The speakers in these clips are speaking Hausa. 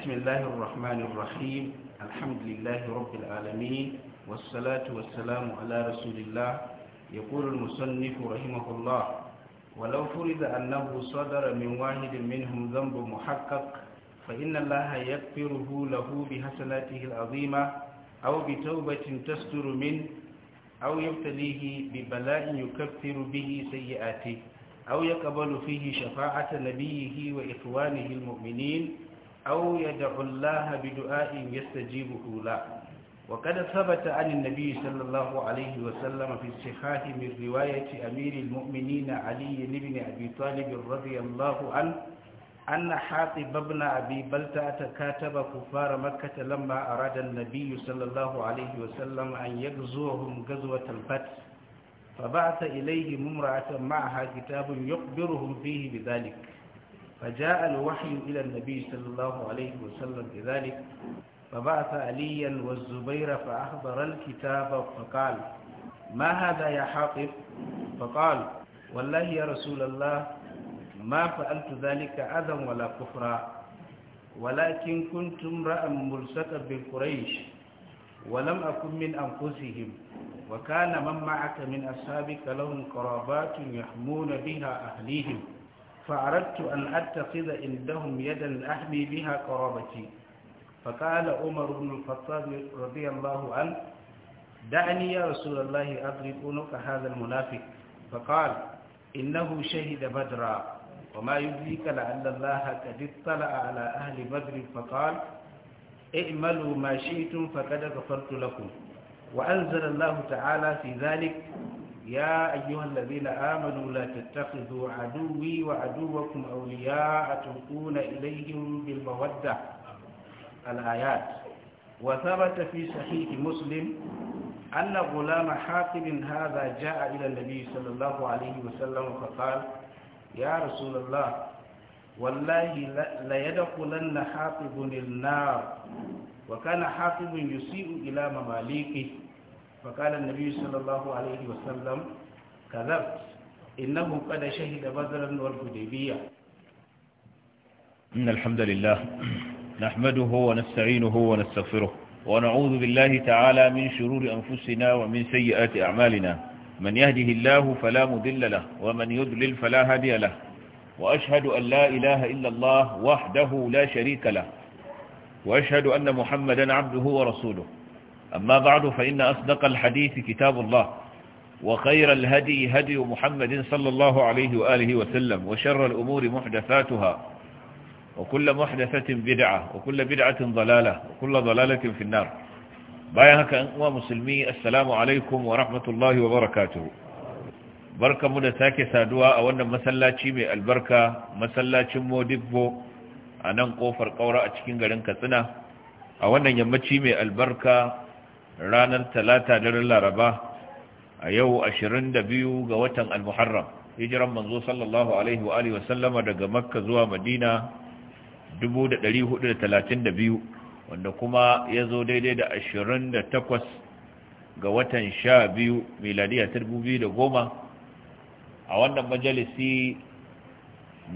بسم الله الرحمن الرحيم الحمد لله رب العالمين والصلاة والسلام على رسول الله يقول المصنف رحمه الله ولو فرض أنه صدر من واحد منهم ذنب محقق فإن الله يغفره له بحسناته العظيمة أو بتوبة تستر منه أو يبتليه ببلاء يكفر به سيئاته أو يقبل فيه شفاعة نبيه وإخوانه المؤمنين أو يدعو الله بدعاء يستجيبه له وقد ثبت عن النبي صلى الله عليه وسلم في الصحاح من رواية أمير المؤمنين علي بن أبي طالب رضي الله عنه أن حاطب بن أبي بلتعة كاتب كفار مكة لما أراد النبي صلى الله عليه وسلم أن يغزوهم غزوة الفتح فبعث إليهم امرأة معها كتاب يخبرهم فيه بذلك فجاء الوحي إلى النبي صلى الله عليه وسلم بذلك فبعث عليا والزبير فأحضر الكتاب فقال ما هذا يا حاطب فقال والله يا رسول الله ما فعلت ذلك أذن ولا كفرا ولكن كنت امرأ ملصقا بالقريش ولم أكن من أنفسهم وكان من معك من أصحابك لهم قرابات يحمون بها أهليهم فأردت أن أتخذ عندهم يدا أحمي بها قرابتي فقال عمر بن الخطاب رضي الله عنه دعني يا رسول الله أضرب عنق هذا المنافق فقال إنه شهد بدرا وما يدريك لعل الله قد اطلع على أهل بدر فقال اعملوا ما شئتم فقد غفرت لكم وأنزل الله تعالى في ذلك يا أيها الذين آمنوا لا تتخذوا عدوي وعدوكم أولياء تلقون إليهم بالمودة الآيات وثبت في صحيح مسلم أن غلام حاكم هذا جاء إلى النبي صلى الله عليه وسلم فقال يا رسول الله والله ليدخلن حاطب النار وكان حاطب يسيء إلى مماليكه فقال النبي صلى الله عليه وسلم كذبت إنه قد شهد بدرا والهديبية إن الحمد لله نحمده ونستعينه ونستغفره ونعوذ بالله تعالى من شرور أنفسنا ومن سيئات أعمالنا من يهده الله فلا مضل له ومن يضلل فلا هادي له وأشهد أن لا إله إلا الله وحده لا شريك له وأشهد أن محمدا عبده ورسوله أما بعد فإن أصدق الحديث كتاب الله وخير الهدي هدي محمد صلى الله عليه وآله وسلم وشر الأمور محدثاتها وكل محدثة بدعة وكل بدعة ضلالة وكل ضلالة في النار بايهك أنواع مسلمي السلام عليكم ورحمة الله وبركاته بركة مدساك سادوا أولا مسلاتي من البركة مسلاتي مودبو أنا نقوفر قورا أتكين غلنك سنة أولا يمتي من البركة ranar talata daren laraba a yau 22 ga watan al-muharram hijiran manzo sallallahu alaihi wa alihi wasallama daga makka zuwa madina 1432 wanda kuma ya zo daidai da 28 ga watan 12 miladiya 2010 a wannan majalisi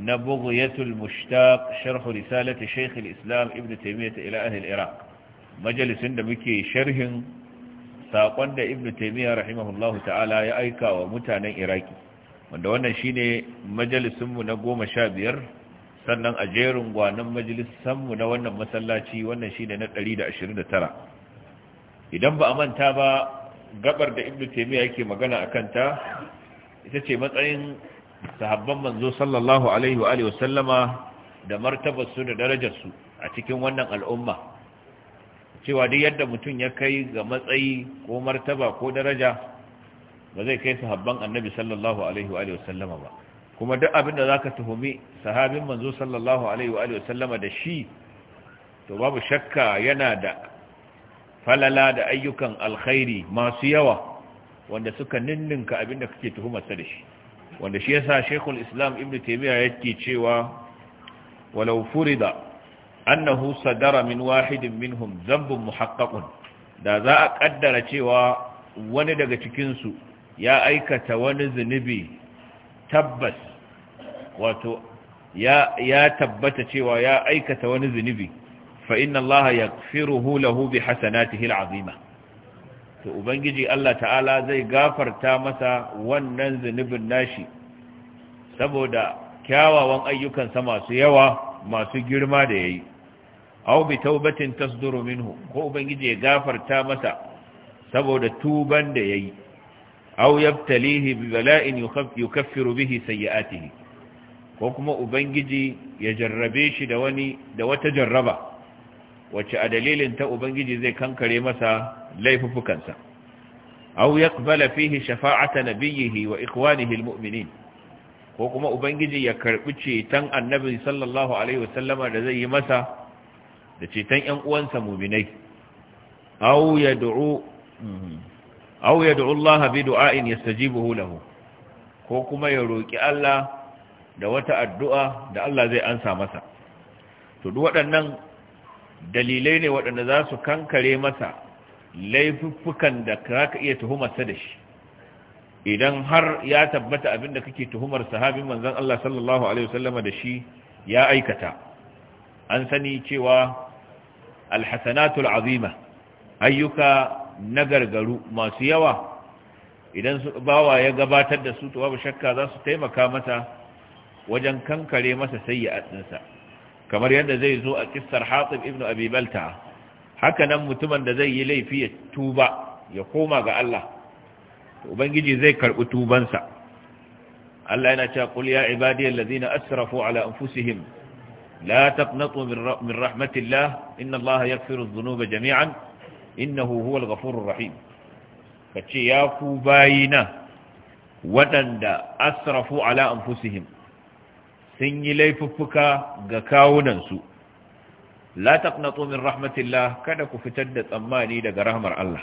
na Bugu bughyatul mushtaq sharh risalati shaykh al-islam ibn taymiyyah ila ahli al-iraq majalisin da muke sharhin saƙon da ibn taimiyya rahimahullahu ta'ala ya aika wa mutanen iraki wanda wannan shine majalisinmu na goma sha biyar sannan a jerin gwanon majalisanmu na wannan masallaci wannan shine na ɗari da ashirin da tara idan ba a manta ba gabar da ibn taimiyya yake magana a kanta ita ce matsayin sahabban manzo sallallahu alaihi wa sallama da martabarsu da darajarsu a cikin wannan al'umma cewa duk yadda mutum ya kai ga matsayi ko martaba ko daraja ba zai kai sahabban annabi sallallahu alaihi wa ba kuma duk abin da zaka tuhumi sahabin manzo sallallahu alaihi wa sallama da shi to babu shakka yana da falala da ayyukan alkhairi masu yawa wanda suka ninninka abin da kake tuhumarsa da shi wanda shi yasa Sheikhul Islam Ibn Taymiyyah yake cewa walau furida annahu sadara min wahidin minhum zambun muhaqqaqun da za a kaddara cewa wani daga cikin su ya aikata wani zunubi tabbas wato ya tabbata cewa ya aikata wani zunubi fa inna allaha yaghfiruhu lahu bi hasanatihi al'azima to ubangiji Allah ta'ala zai gafarta masa wannan zunubin nashi saboda kyawawan ayyukansa masu yawa masu girma da yayi aw bi taubatin tasduru minhu ko ubangiji ya gafarta masa saboda tuban da yayi aw yabtalihi bi bala'in yukaffiru bihi sayyi'atihi ko kuma ubangiji ya jarrabe shi da wani da wata jarraba wacce a dalilin ta ubangiji zai kankare masa laifufukansa aw yaqbala fihi shafa'ata nabiyhi wa ikwanihi almu'minin ko kuma ubangiji ya karbi ceton annabi sallallahu alaihi wasallama da zai yi masa da ceton ‘yan uwansa muminai, au ya du'u Allah bi du'a'in ya buhu lahu, ko kuma ya roƙi Allah da wata addu'a da Allah zai ansa masa. To, duk waɗannan dalilai ne waɗanda za su kankare masa laifuffukan da ka iya tuhumarsa da shi. Idan har ya tabbata abin da kake tuhumar sahabin manzan Allah sallallahu Alaihi wasallama da shi ya aikata. an sani cewa alhasanatul azima ayyuka na gargaru masu yawa idan bawa ya gabatar da su to babu shakka za su taimaka masa wajen kankare masa sayyi'atinsa kamar yadda zai zo a kistar Hatib ibn Abibalta. haka nan mutumin da zai yi laifi ya tuba ya koma ga Allah ubangiji zai karbi tubansa Allah yana cewa qul ya ibadiyallazina asrafu ala anfusihim لا تقنطوا من رحمة الله إن الله يغفر الذنوب جميعا إنه هو الغفور الرحيم kace ya ku bayina waɗanda asrafu ala anfusihim sun yi laifuffuka ga kawunansu la taqnatu min rahmatillah kada ku fitar da tsammani daga rahmar Allah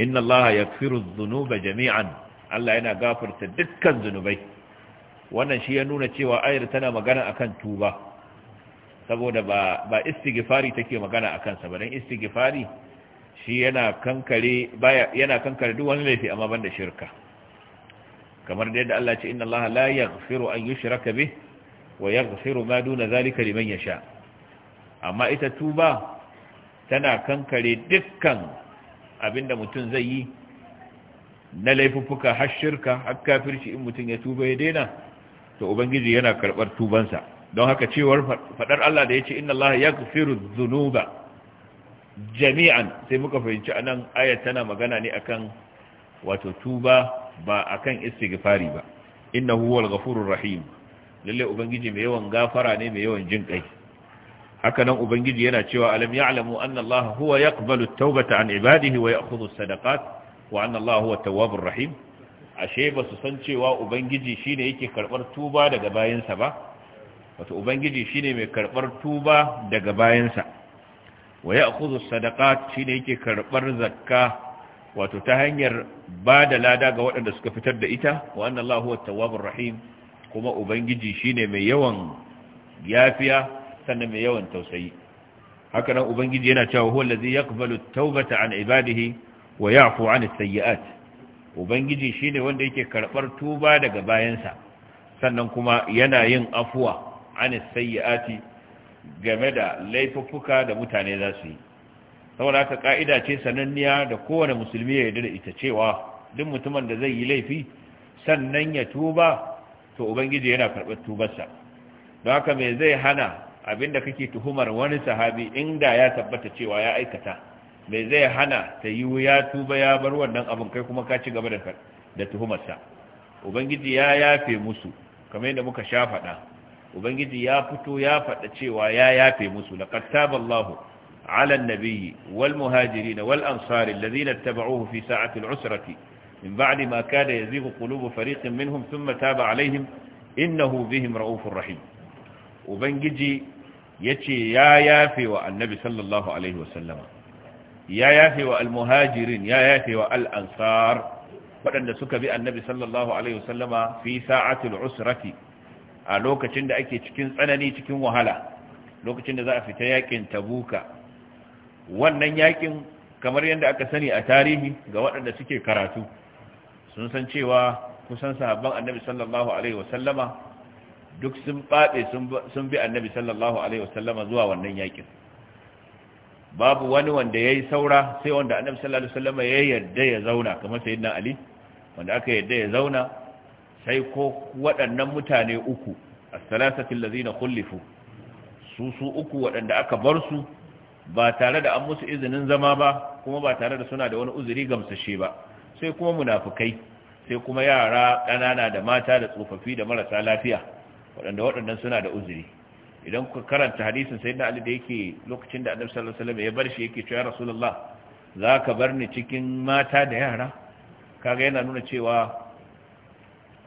In Allah yaghfiru dhunuba jami'an Allah yana gafarta dukkan zunubai wannan shi ya nuna cewa ayar tana magana a kan tuba saboda ba ba take magana a kansa ba don istighfari shi yana kankare baya duk wani laifi amma banda shirka kamar da yadda Allah ya ce inna Allah la yaghfiru an yushraka bih wa yaghfiru ma duna zalika liman yasha amma ita tuba tana kankare dukkan abinda mutum zai yi na laifuffuka har shirka har kafirci in mutum ya tuba ya daina to ubangiji yana karbar tubansa don haka cewar fadar Allah da ya ce inna Allah ya kufiru zunuba jami'an sai muka fahimci anan ayat tana magana ne akan wato tuba ba akan istighfari ba innahu huwal ghafurur rahim lalle ubangiji mai yawan gafara ne mai yawan jin kai haka nan ubangiji yana cewa alam ya'lamu anna Allah huwa yaqbalu at-taubata an ibadihi wa ya'khudhu as-sadaqat wa anna Allah huwa at-tawwabur rahim ashe ba su san cewa ubangiji shine yake karbar tuba daga bayinsa ba wato ubangiji shine mai karbar tuba daga bayansa wa ya'khudhu sadaqat shine yake karbar zakka wato ta hanyar ba da lada ga waɗanda suka fitar da ita wa anna huwa tawwabur rahim kuma ubangiji shine mai yawan yafiya sannan mai yawan tausayi haka nan ubangiji yana cewa huwa allazi yaqbalu at-taubata an ibadihi wa ya'fu an as-sayyi'at ubangiji shine wanda yake karbar tuba daga bayansa sannan kuma yana yin afuwa anis ati game da laifuffuka da mutane za su yi saboda haka ka'ida ce sananniya da kowane musulmi ya yarda da ita cewa duk mutumin da zai yi laifi sannan ya tuba to ubangiji yana karɓar tubarsa don haka me zai hana abinda kake tuhumar wani sahabi inda ya tabbata cewa ya aikata me zai hana ta yi ya tuba ya bar wannan abin kai kuma ka ci gaba da tuhumarsa ubangiji ya yafe musu kamar yadda muka sha faɗa ubangiji ya fito ya faɗa cewa ya yafe musu laqad taballahu ala an-nabiyyi wal muhajirin wal ansari alladhina ittaba'uhu fi sa'ati al-usrati min ba'di ma kada yazighu qulubu fariqin minhum thumma taba alaihim innahu bihim ra'ufur rahim ubangiji yace ya yafe wa annabi sallallahu alaihi wasallama ya yafe wa al-muhajirin ya yafe wa al-ansar waɗanda suka bi annabi sallallahu alaihi wasallama fi sa'atul usrati a lokacin da ake cikin tsanani cikin wahala lokacin da za a fita yakin tabuka wannan yakin kamar yadda aka sani a tarihi ga waɗanda suke karatu sun san cewa kusan sahabban annabi sallallahu alaihi wasallama duk sun faɗe sun bi annabi sallallahu alaihi wasallama zuwa wannan yakin babu wani wanda yayi saura sai wanda annabi sallallahu alaihi wasallama ya yarda ya zauna kamar sayyidina ali wanda aka yarda ya zauna sai ko waɗannan mutane uku a salasatil ladina kullifu su su uku waɗanda aka bar su ba tare da an musu izinin zama ba kuma ba tare da suna da wani uzuri gamsashe ba sai kuma munafukai sai kuma yara ƙanana da mata da tsofaffi da marasa lafiya waɗanda waɗannan suna da uzuri idan ku karanta hadisin sai na Ali da yake lokacin da Annabi sallallahu alaihi wasallam ya bar shi yake cewa Rasulullah zaka bar ni cikin mata da yara kaga yana nuna cewa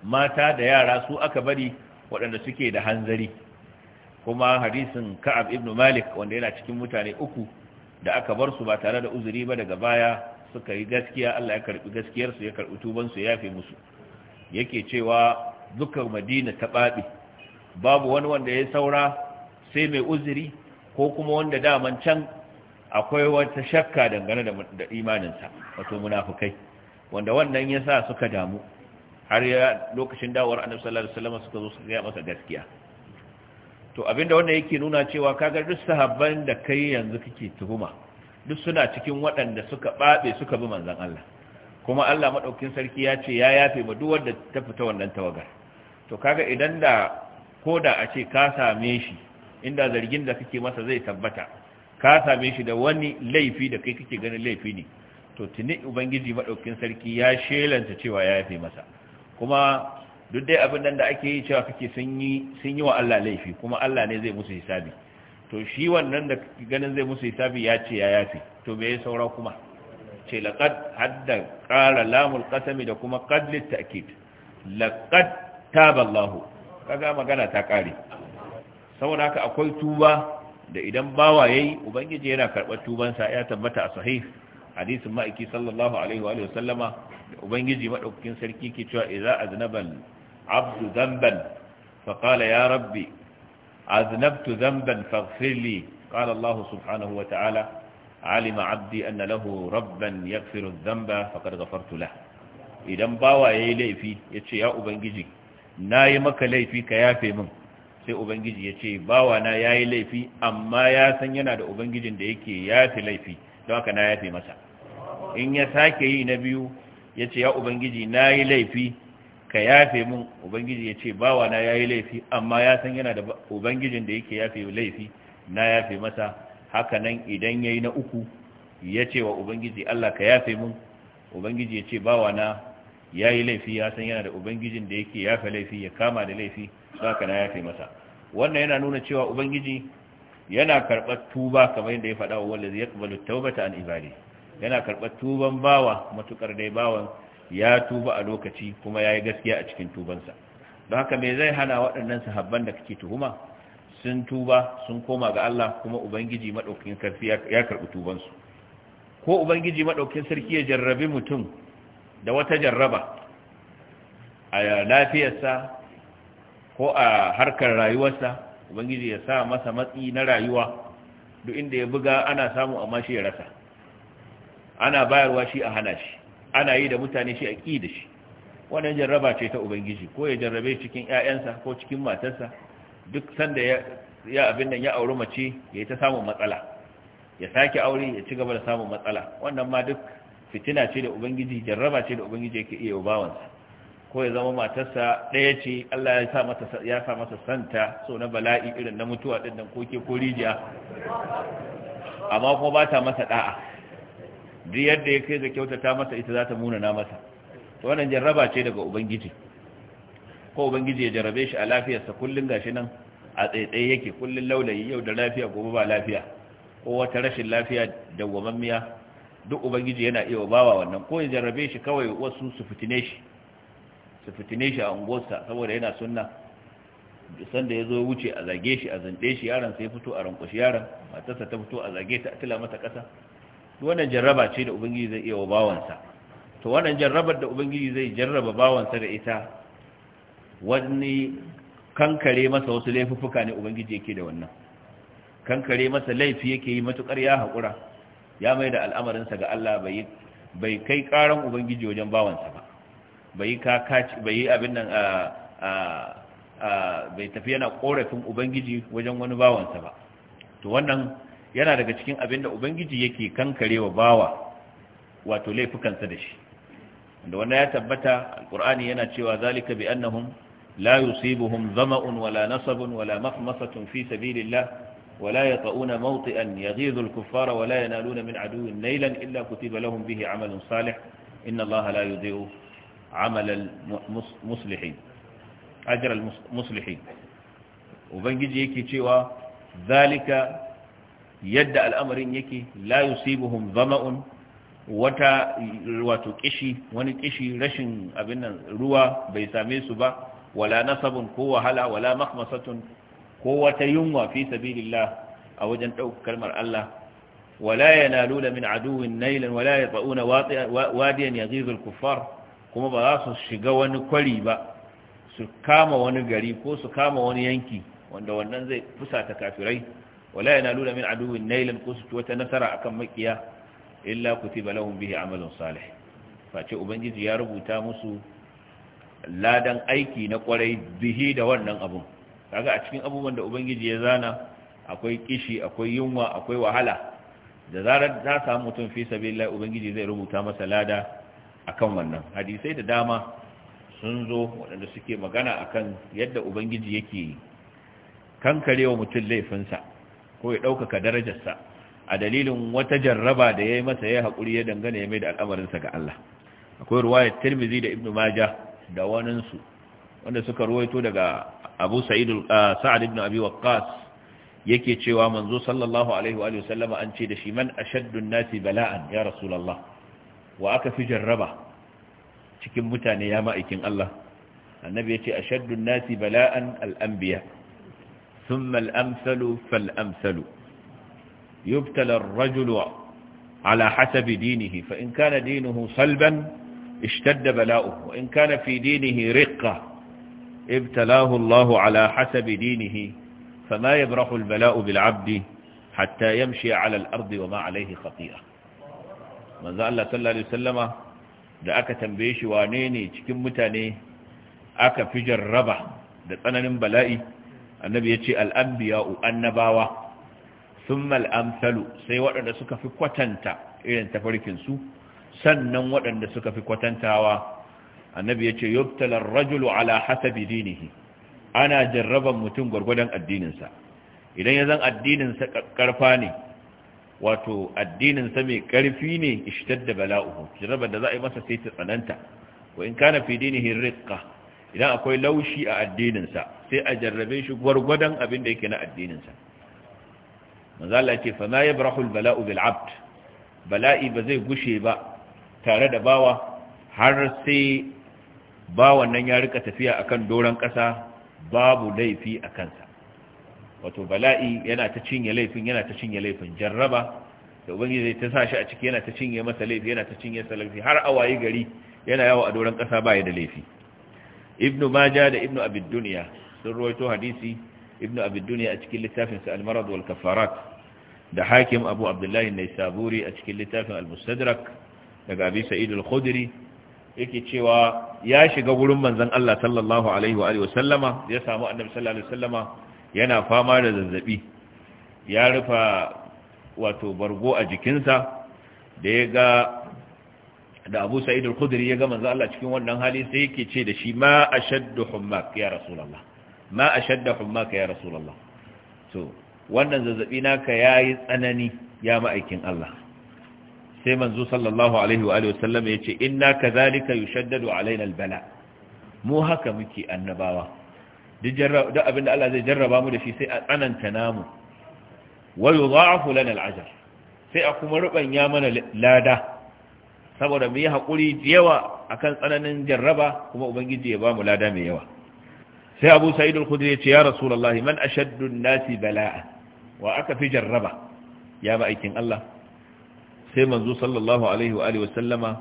mata da yara su aka bari waɗanda suke da hanzari kuma hadisin ka'ab ibn malik wanda yana cikin mutane uku da aka bar su ba tare da uzuri ba daga baya suka yi gaskiya Allah ya karbi gaskiyarsu ya karbi tubansu ya yafe musu yake cewa dukkan madina ta babi babu wani wanda ya saura sai mai uzuri ko kuma wanda daman can akwai wata shakka dangane da imaninsa wato munafukai wanda wannan ya sa suka damu har ya lokacin dawowar annabi sallallahu alaihi wasallam suka zo suka ga masa gaskiya to abinda wannan yake nuna cewa kaga duk sahabban da kai yanzu kake tuhuma duk suna cikin waɗanda suka babe suka bi manzon Allah kuma Allah madaukin sarki ya ce ya yafe ma duk wanda ta fita wannan tawagar to kaga idan da koda a ce ka same shi inda zargin da kake masa zai tabbata ka same shi da wani laifi da kai kake ganin laifi ne to tuni ubangiji madaukin sarki ya shelanta cewa ya yafe masa kuma duk dai abin nan da ake yi cewa kake sun yi wa Allah laifi kuma Allah ne zai musu hisabi to shi wannan da ganin zai musu hisabi ya ce ya yafi to me ya saura kuma ce laqad hadda qala lamul qasami da kuma qad lit ta'kid laqad taballahu kaga magana ta kare saboda haka akwai tuba da idan bawa yayi ubangiji yana karɓar tubansa ya tabbata a sahih hadisin ma'aiki sallallahu alaihi wa sallama Da ubangiji madaukakin sarki ke cewa Iza aznabal abdu Zamban, fa qala ya rabbi aznabtu Zamban, faghfir li qala Allah subhanahu wa ta'ala alima abdi anna lahu rabban yaghfiru dhanba faqad ghafartu lahu idan bawa yayi laifi yace ya ubangiji nayi maka laifi ka yafe min sai ubangiji ya ce bawa na ya yi laifi amma ya san yana da ubangijin da yake yafi laifi don haka na yafe masa in ya sake yi na biyu ya ce ya ubangiji na yi laifi ka yafe min ubangiji ya ce bawa na ya yi laifi amma ya san yana da ubangijin da yake yafe laifi na yafe masa hakanan idan yayi na uku ya ce wa ubangiji allah ka yafe min ubangiji ya ce bawa na ya yi laifi ya san yana da ubangijin da yake yafe laifi ya kama da laifi haka na yafe masa wannan yana nuna cewa ubangiji yana karɓar tuba kamar yadda ya faɗa wa wallazi yaqbalu tawbata an ibadi yana karɓar tuban bawa matukar dai bawan ya tuba a lokaci kuma ya yi gaskiya a cikin tubansa don haka me zai hana waɗannan sahabban da kake tuhuma sun tuba sun koma ga Allah kuma ubangiji maɗaukin sarki ya karɓi tubansu ko ubangiji maɗaukin sarki ya jarrabi mutum da wata jarraba a lafiyarsa ko a harkar rayuwarsa ubangiji ya sa masa matsi na rayuwa duk inda ya buga ana samu amma shi ya rasa ana bayarwa shi a hana shi ana yi da mutane shi a ƙi da shi wannan jarraba ce ta ubangiji ko ya jarrabe cikin ƴaƴansa ko cikin matarsa duk sanda ya abin nan ya auri mace ya yi ta samun matsala ya sake aure ya ci gaba da samun matsala wannan ma duk fitina ce da ubangiji jarraba ce da ubangiji yake iya bawansa ko ya zama matarsa ɗaya ce Allah ya sa mata santa so na bala'i irin na mutuwa ɗin nan koke ko rijiya amma kuma ba ta masa ɗa'a. duk yadda ya kai ga kyautata masa ita za ta munana masa to wannan jarraba ce daga ubangiji ko ubangiji ya jarrabe shi a lafiyarsa kullun gashi nan a tsaitsaye yake kullun laulayi yau da lafiya gobe ba lafiya ko wata rashin lafiya da gwamammiya duk ubangiji yana iya bawa wannan ko ya jarrabe shi kawai wasu su fitine shi su fitine shi a unguwarsa saboda yana sunna sanda ya zo wuce a zage shi a zante shi yaron sai fito a rankwashi yaron matarsa ta fito a zage ta a tila mata ƙasa wannan jarraba ce da ubangiji zai iya wa bawansa to wannan jarrabar da ubangiji zai jarraba bawansa da ita wani kankare masa wasu laifuffuka ne ubangiji yake da wannan kankare masa laifi yake yi matukar ya haƙura ya mai da al'amarinsa ga Allah bai kai ƙaran ubangiji wajen bawansa ba bai yi kakaci bai abin nan bai tafi yana korafin ubangiji wajen wani bawansa ba to wannan yana daga cikin abin da ubangiji yake wa bawa wato laifukansa da shi da wanda ya tabbata Alƙur'ani yana cewa zalika bi annahum la yusibuhum zama'un wala nasabun wala makhmasatun fi sabilillah wala yaqauna mawti'an yaghidhu al-kuffara wala yanaluna min aduwwin nailan illa kutiba lahum bihi 'amalun salih inna allaha la yudhi'u 'amala al ajra al ubangiji yake cewa zalika yadda al'amarin yake la yusibuhum zama'un wata wato kishi wani kishi rashin abin nan ruwa bai same su ba wala nasabun ko wahala wala makmasatun ko wata yunwa fi sabilillah a wajen ɗaukar kalmar Allah wala lula min aduwin nailan wala yatauna wadiyan yaghizul kuffar kuma ba za su shiga wani kwari ba su kama wani gari ko su kama wani yanki wanda wannan zai fusata kafirai wala yanaluna min aduwwin nailan kusutu wata nasara akan makiya illa kutiba lahum bihi amalun salih face ubangiji ya rubuta musu ladan aiki na kwarai bihi da wannan abun kaga a cikin abubuwan da ubangiji ya zana akwai kishi akwai yunwa akwai wahala da zarar ta samu mutum fi sabilillah ubangiji zai rubuta masa lada akan wannan hadisai da dama sun zo waɗanda suke magana akan yadda ubangiji yake kankarewa mutum laifinsa ko ya ɗaukaka darajarsa a dalilin wata jarraba da ya yi masa ya haƙuri ya dangane ya mai da al'amarinsa ga Allah akwai ruwayar tirmizi da ibnu maja da waninsu wanda suka ruwaito daga abu ah, sa'ad ibn abi waqqas yake cewa manzo sallallahu alaihi wa sallama an ce da shi man ashaddu nasi bala'an ya rasulullah wa aka fi jarraba cikin mutane ya ma'aikin Allah annabi yace ashaddu nasi bala'an al-anbiya ثم الأمثل فالأمثل يبتلى الرجل على حسب دينه فإن كان دينه صلبا اشتد بلاؤه وإن كان في دينه رقة ابتلاه الله على حسب دينه فما يبرح البلاء بالعبد حتى يمشي على الأرض وما عليه خطيئة manzo Allah الله صلى الله عليه وسلم دا أكا تنبيش وانيني تكمتاني أكا فجر ربح دا أنا tsananin annabi ya ce al'ambiya'u annabawa sun mal'amsalu sai waɗanda suka fi kwatanta irin tafarkinsu sannan waɗanda suka fi kwatantawa annabi ya ce yubtalar rajulu ala hasabi dinihi ana jarraban mutum gwargwadon addininsa idan ya zan addininsa ƙarfa ne wato addininsa mai ƙarfi ne ishtar da bala'uhu jarraban da za a yi masa sai ta tsananta wa in kana fi dinihi rikka idan akwai laushi a addininsa sai a jarrabe shi gwargwadon abin da yake na addininsa manzala ce fa ma yabrahu albala'u bil abd bala'i ba zai gushe ba tare da bawa har sai bawan nan ya rika tafiya akan doran kasa babu laifi a kansa wato bala'i yana ta cinye laifin yana ta cinye laifin jarraba da ubangiji ta sashi a ciki yana ta cinye masa laifi yana ta cinye salafi. har awayi gari yana yawo a doran kasa ba ya da laifi ibnu Maja da ibnu abid sun ruwaito hadisi ibnu abid a cikin littafin sa al-marad wal kafarat da hakim abu abdullahi naisaburi a cikin littafin al-mustadrak daga abi sa'id al-khudri yake cewa ya shiga gurin manzon Allah sallallahu alaihi wa alihi wa ya samu annabi sallallahu alaihi wa sallama yana fama da zazzabi ya rufa wato bargo a jikinsa da ya ga da Abu Sa'id al-Khudri ya ga manzo Allah cikin wannan hali sai yake ce da shi ma ashaddu hummak ya rasulullah ma ashaddu hummak ya rasulullah to wannan zazzabi naka yayi tsanani ya ma'aikin Allah sai manzo sallallahu alaihi wa alihi wasallam yace inna kadhalika yushaddadu alaina albala mu haka muke annabawa duk abin abinda Allah zai jarraba mu da shi sai a tsananta namu wa yudha'afu lana al'ajr sai a kuma rubanya mana lada saboda mu yi haƙuri da yawa a kan tsananin jarraba kuma ubangiji ya ba mu lada mai yawa sai abu sa'id al-khudri ya ce ya rasulullahi man ashaddu an-nasi bala'a wa aka fi jarraba ya ba aikin Allah sai manzo sallallahu alaihi wa alihi wa sallama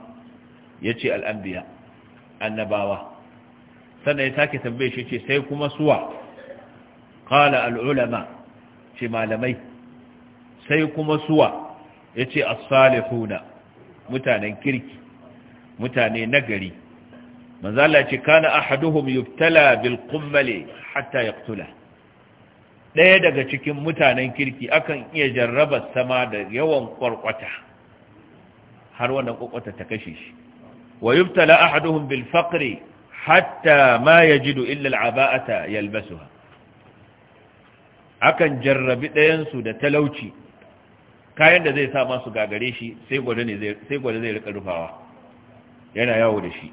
yace al-anbiya annabawa sannan ya take tambaye shi ce sai kuma suwa qala al-ulama ce malamai sai kuma suwa yace as-salihuna mutanen kirki mutane nagari manzo ce kana ahaduhum yubtala bil qummali hatta yaqtula daya daga cikin mutanen kirki akan iya jarraba sama da yawan kwarkwata har wannan kwarkwata ta kashe shi wa yubtala ahaduhum bil faqri hatta ma yajidu illa al aba'ata yalbasuha akan jarrabi dayan su da talauci kayan da zai sa masu gagare shi sai gwada zai rika rufawa yana yawo da shi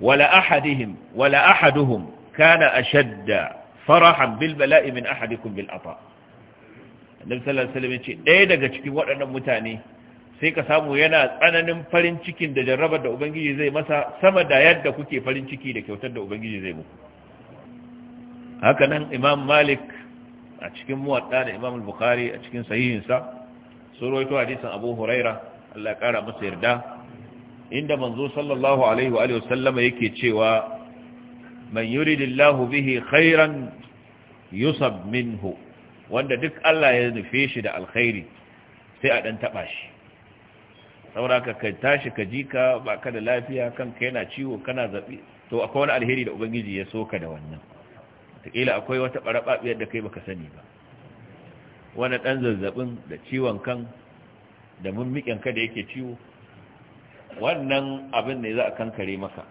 wala ahadihim wala ahaduhum kana ashadda farahan bil bala'i min ahadikum bil afa. annabi sallallahu alaihi wasallam ya ce ɗaya daga cikin waɗannan mutane sai ka samu yana tsananin farin cikin da jarrabar da ubangiji zai masa sama da yadda kuke farin ciki da kyautar da ubangiji zai muku haka nan imam malik a cikin muwadda da imam bukhari a cikin sahihinsa sun roito hadisin abu huraira Allah kara masa yarda inda manzo sallallahu alaihi wa alihi wasallama yake cewa man yuridillahu bihi khairan yusab minhu wanda duk Allah ya nufe shi da alkhairi sai a dan taba shi saboda ka tashi ka jika ka da lafiya kanka yana ciwo kana zabi to akwai wani alheri da ubangiji ya soka da wannan takila akwai wata barababiyar da kai baka sani ba wani ɗan zazzabin da ciwon kan da mummikin ka da yake ciwo wannan abin ne za a kankare maka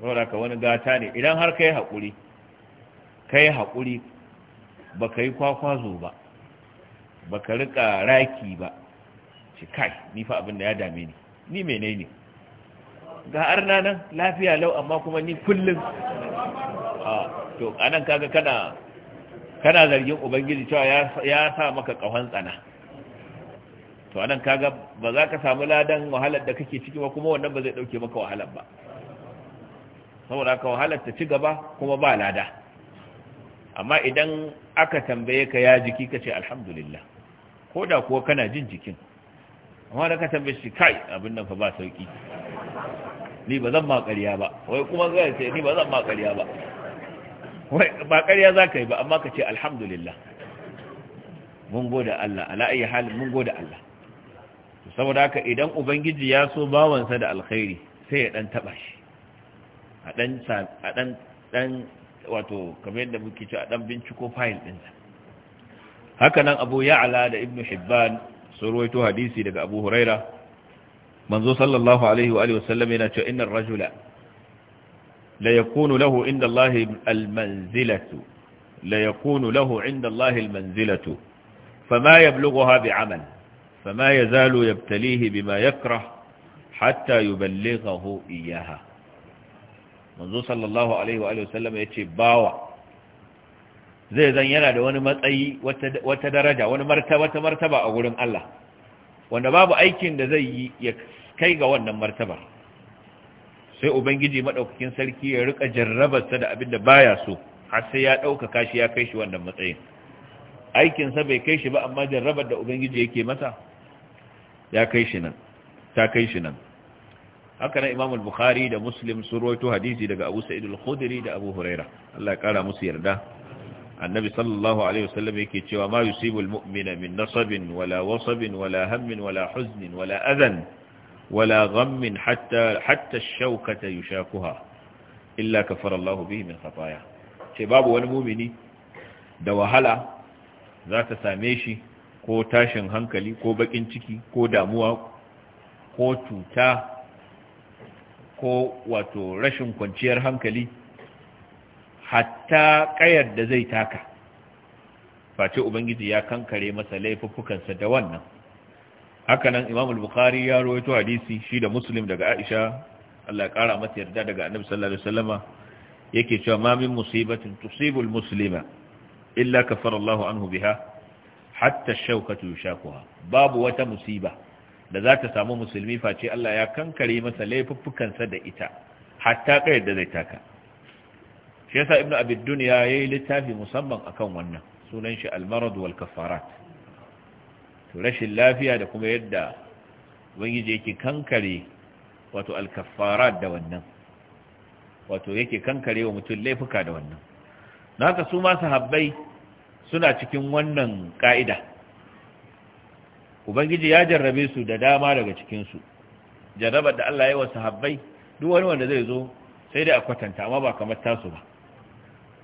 saboda ka wani gata ne idan har yi haƙuri kai haƙuri ba ka yi kwakwazo ba ba ka riƙa raki ba shi kai ni abin da ya dame ni ni mene ne ga arna nan lafiya lau amma kuma ni kullum ah, a to anan kaga kana kana zargin ubangiji cewa ya sa maka kahon tsana to anan kaga ba za ka samu ladan wahalar da kake ciki ba kuma wannan ba zai dauke maka wahalar ba saboda ka wahalar ta ci gaba kuma ba lada amma idan aka tambaye ka ya jiki ka ce alhamdulillah ko da kuwa kana jin jikin amma da ka tambaye shi kai abin nan fa ba sauki ni ba zan ma ƙarya ba wai kuma zai ce ni ba zan ma ƙarya ba ba ƙarya za ka yi ba amma ka ce alhamdulillah mun gode Allah ala ayi hal mun gode Allah saboda haka idan ubangiji ya so bawansa da alkhairi sai ya dan taba shi a dan wato kamar yadda muke ci a dan binciko fayil din sa haka nan Abu Ya'la da Ibn Hibban sun ruwaito hadisi daga Abu Huraira manzo sallallahu alaihi wa sallam wasallam yana cewa innar rajula la yakunu lahu inda Allah al-manzilatu la yakunu lahu inda Allah al-manzilatu fama yablughuha bi'amal fama yazalu yabtalihi bima yakrah hatta yuballighahu iyyaha manzo sallallahu alaihi wa sallam ya ce bawa zai zan yana da wani matsayi wata daraja wani wata martaba a gurin Allah wanda babu aikin da zai yi ya kai ga wannan martabar sai ubangiji maɗaukakin sarki ya rika jarrabarsa da abin da baya so har sai ya ɗaukaka shi ya kai shi wannan matsayin aikinsa bai kai shi ba amma jarrabar da ubangiji yake masa ya kai shi nan ta kai shi nan haka nan imamul bukhari da muslim sun rawaito hadisi daga abu sa'id khudri da abu huraira Allah ya kara musu yarda annabi sallallahu alaihi wasallam yake cewa ma yusibul mumina min nasabin wala wasabin wala hammin wala huznin wala adhan wala ghammin hatta hatta shaukata yushakuha illa kafara Allahu bihi min khataya ce babu wani mumini da wahala za ta same shi ko tashin hankali ko bakin ciki ko damuwa ko cuta ko wato rashin kwanciyar hankali hatta kayar da zai taka face ubangiji ya kankare masa laifuffukansa da wannan haka nan imam al-bukhari ya rawaito hadisi shi da muslim daga aisha Allah ya kara mata yarda daga annabi sallallahu alaihi wasallama yake cewa ma min musibatin tusibu al-muslima illa kafara Allahu anhu biha hatta ash-shawkatu yushakuha babu wata musiba da za ta samu musulmi face Allah ya kankare masa laifuffukansa da ita hatta kai da zai taka shi yasa ibnu abid dunya yayi littafi musamman akan wannan sunan shi al-marad wal kafarat rashin lafiya da kuma yadda ubangiji yake kankare wato alkaffara da wannan wato yake kankare wa mutum laifuka da wannan naka su ma sahabbai suna cikin wannan ka'ida ubangiji ya jarrabe su da dama daga cikinsu jarrabar da Allah ya yi wa sahabbai duk wani wanda zai zo sai dai a kwatanta amma ba kamar tasu ba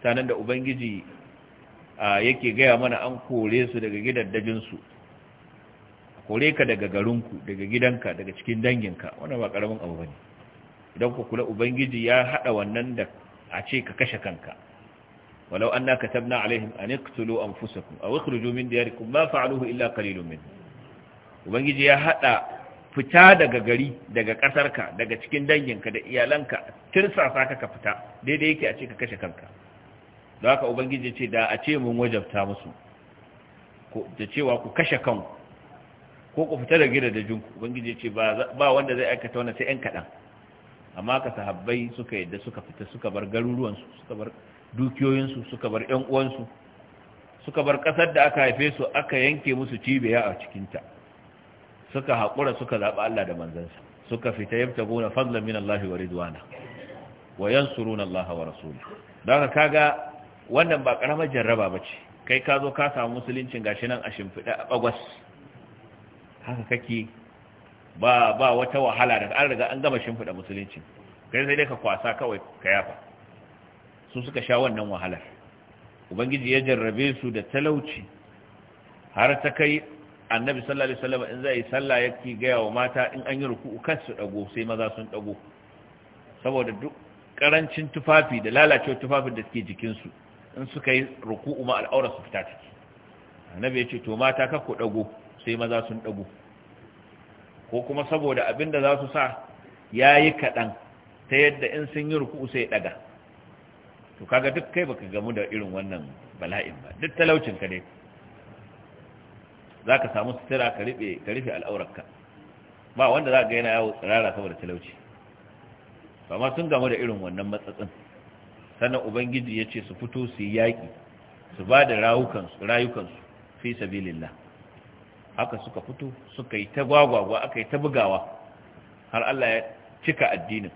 sanan da ubangiji yake gaya mana an kore su daga gidan su kore ka daga garinku daga gidanka daga cikin danginka wannan ba karamin abu bane idan ku kula ubangiji ya hada wannan da a ce ka kashe kanka walau anna katabna alaihim an iqtulu anfusakum aw ikhruju min diyarikum ma fa'aluhu illa qalilun min ubangiji ya hada fita daga gari daga kasarka daga cikin danginka da iyalanka tirsasa ka ka fita daidai yake a ce ka kashe kanka don haka ubangiji ce da a ce mun wajabta musu da cewa ku kashe kanku ko ku fita da da ku ubangiji ya ce ba wanda zai aikata wannan sai yan kaɗan amma ka sahabbai suka yadda suka fita suka bar garuruwansu suka bar dukiyoyinsu suka bar yan uwansu suka bar ƙasar da aka haife su aka yanke musu cibiya a cikinta suka haƙura suka zaɓi Allah da manzansa suka fita yabta gona fadlan min Allah wa ridwana wa yansuruna Allah wa rasuluhu dan haka kaga wannan ba karamar jarraba bace kai ka zo ka samu musuluncin gashi nan a shimfida a bagwas haka kake ba ba wata wahala daga an riga an gama shimfiɗa musulunci kai sai dai ka kwasa kawai ka yafa su suka sha wannan wahalar ubangiji ya jarrabe su da talauci har ta kai annabi sallallahu alaihi wasallam in zai sallah yake gaya wa mata in an yi ruku'u kan su dago sai maza sun dago saboda duk karancin tufafi da lalacewar tufafin da suke jikin su in suka yi ruku'u ma al'aura su fita ciki annabi ya ce to mata ka ku dago sai maza sun ɗagu ko kuma saboda abin da za su sa ya yi kaɗan ta yadda in sun yi ruku'u sai ɗaga to kaga duk kai baka gamu da irin wannan bala'in ba duk talaucin ka ne za ka samu sutura ka rufe al'aurarka ba wanda za ga yana yawo tsirara saboda talauci ba sun gamu da irin wannan matsatsin sannan ubangiji ya ce su fito su yi yaƙi su ba da rayukansu fi sabilillah haka suka fito suka yi ta gwagwagwa aka yi ta bugawa har Allah ya cika addinin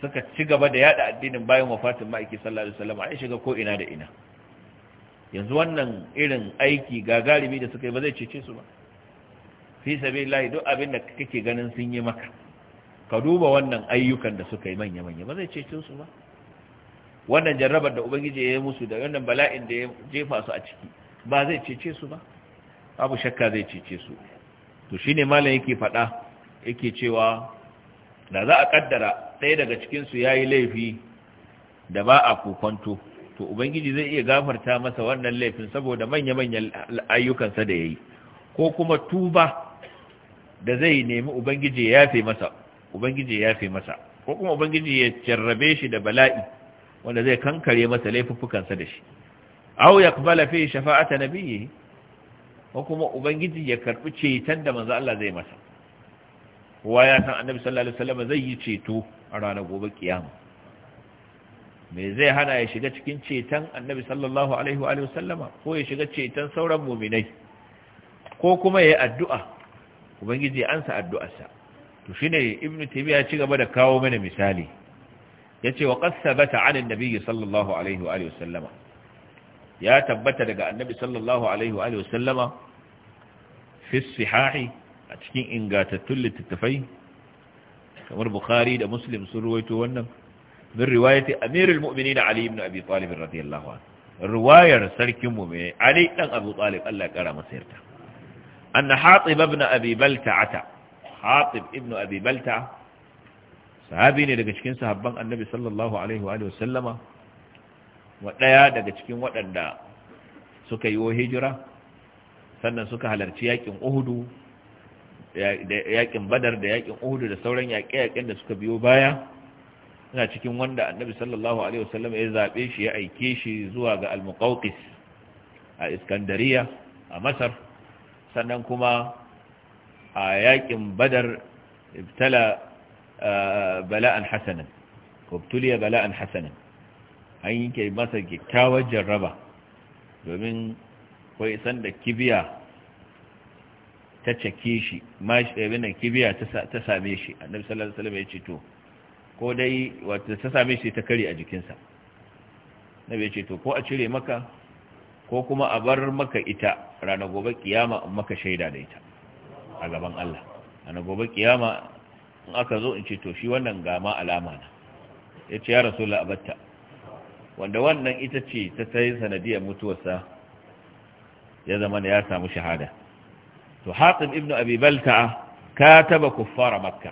suka ci gaba da yada addinin bayan wafatin ma'aiki sallallahu alaihi wasallam a shiga ko ina da ina yanzu wannan irin aiki gagarumi da suka yi ba zai cece su ba fi sabilillahi duk abin da kake ganin sun yi maka ka duba wannan ayyukan da suka yi manya manya ba zai cece su ba wannan jarrabar da ubangiji ya yi musu da wannan bala'in da ya jefa su a ciki ba zai cece su ba babu shakka zai cece su to shine malam yake faɗa yake cewa da za a kaddara ɗaya daga cikin su yayi laifi da ba a kokonto to ubangiji zai iya gafarta masa wannan laifin saboda manya-manyan ayyukansa da yayi ko kuma tuba da zai nemi ubangiji ya yafe masa ubangiji ya yafe masa ko kuma ubangiji ya jarrabe shi da bala'i wanda zai kankare masa laifuffukansa da shi aw yaqbala fi shafa'ata nabiyyi ko kuma ubangiji ya karbi ceton da manzo Allah zai masa kowa ya san annabi sallallahu alaihi wasallam zai yi ceto a ranar gobe kiyama me zai hana ya shiga cikin ceton annabi sallallahu alaihi wa sallama ko ya shiga ceton sauran muminai ko kuma ya yi addu'a ubangiji ya ansa sa. to shine ibn taymiya ya ci gaba da kawo mana misali yace wa qad sabata 'ala an-nabi sallallahu alaihi wa sallama ya tabbata daga annabi sallallahu alaihi wa sallama fi sihahi a cikin ingatattun littattafai kamar bukhari da muslim sun ruwaito wannan min riwayati amirul mu'minin ali ibn abi talib radiyallahu anhu riwayar sarkin mu'mini ali dan abu talib Allah ya kara masa yarda anna hatib ibn abi balta'ata hatib ibn abi balta sahabi ne daga cikin sahabban annabi sallallahu alaihi wa alihi wasallama wa daya daga cikin waɗanda suka yi hijira sannan suka halarci yakin uhudu yakin badar da yakin uhudu da sauran yaƙe-yaƙen da suka biyo baya suna cikin wanda annabi sallallahu alaihi wasallam ya zaɓe shi ya aike shi zuwa ga al-muqawqis a iskandariya a masar sannan kuma a yaƙin badar ibtala bala'an hasanan kubtuliya bala'an hasanan an yi masa kyakkyawar jarraba domin akwai sanda kibiya ta cake shi eh, abin da kibiya ta same shi a ɗan salar salama ya ce to ko dai wata ta same shi ta kare a jikinsa Na ya ce to ko a cire maka ko kuma a bar maka ita ranar gobe kiyama in maka shaida da ita a gaban Allah ranar gobe kiyama in aka zo in ce to shi wannan gama alama na ya ce ya rasu la'abatta wanda wannan ita ce ta tsaye sanadiyar mutuwarsa ya zama ya samu shahada to hatim ibnu abi balta'a kataba kuffara makka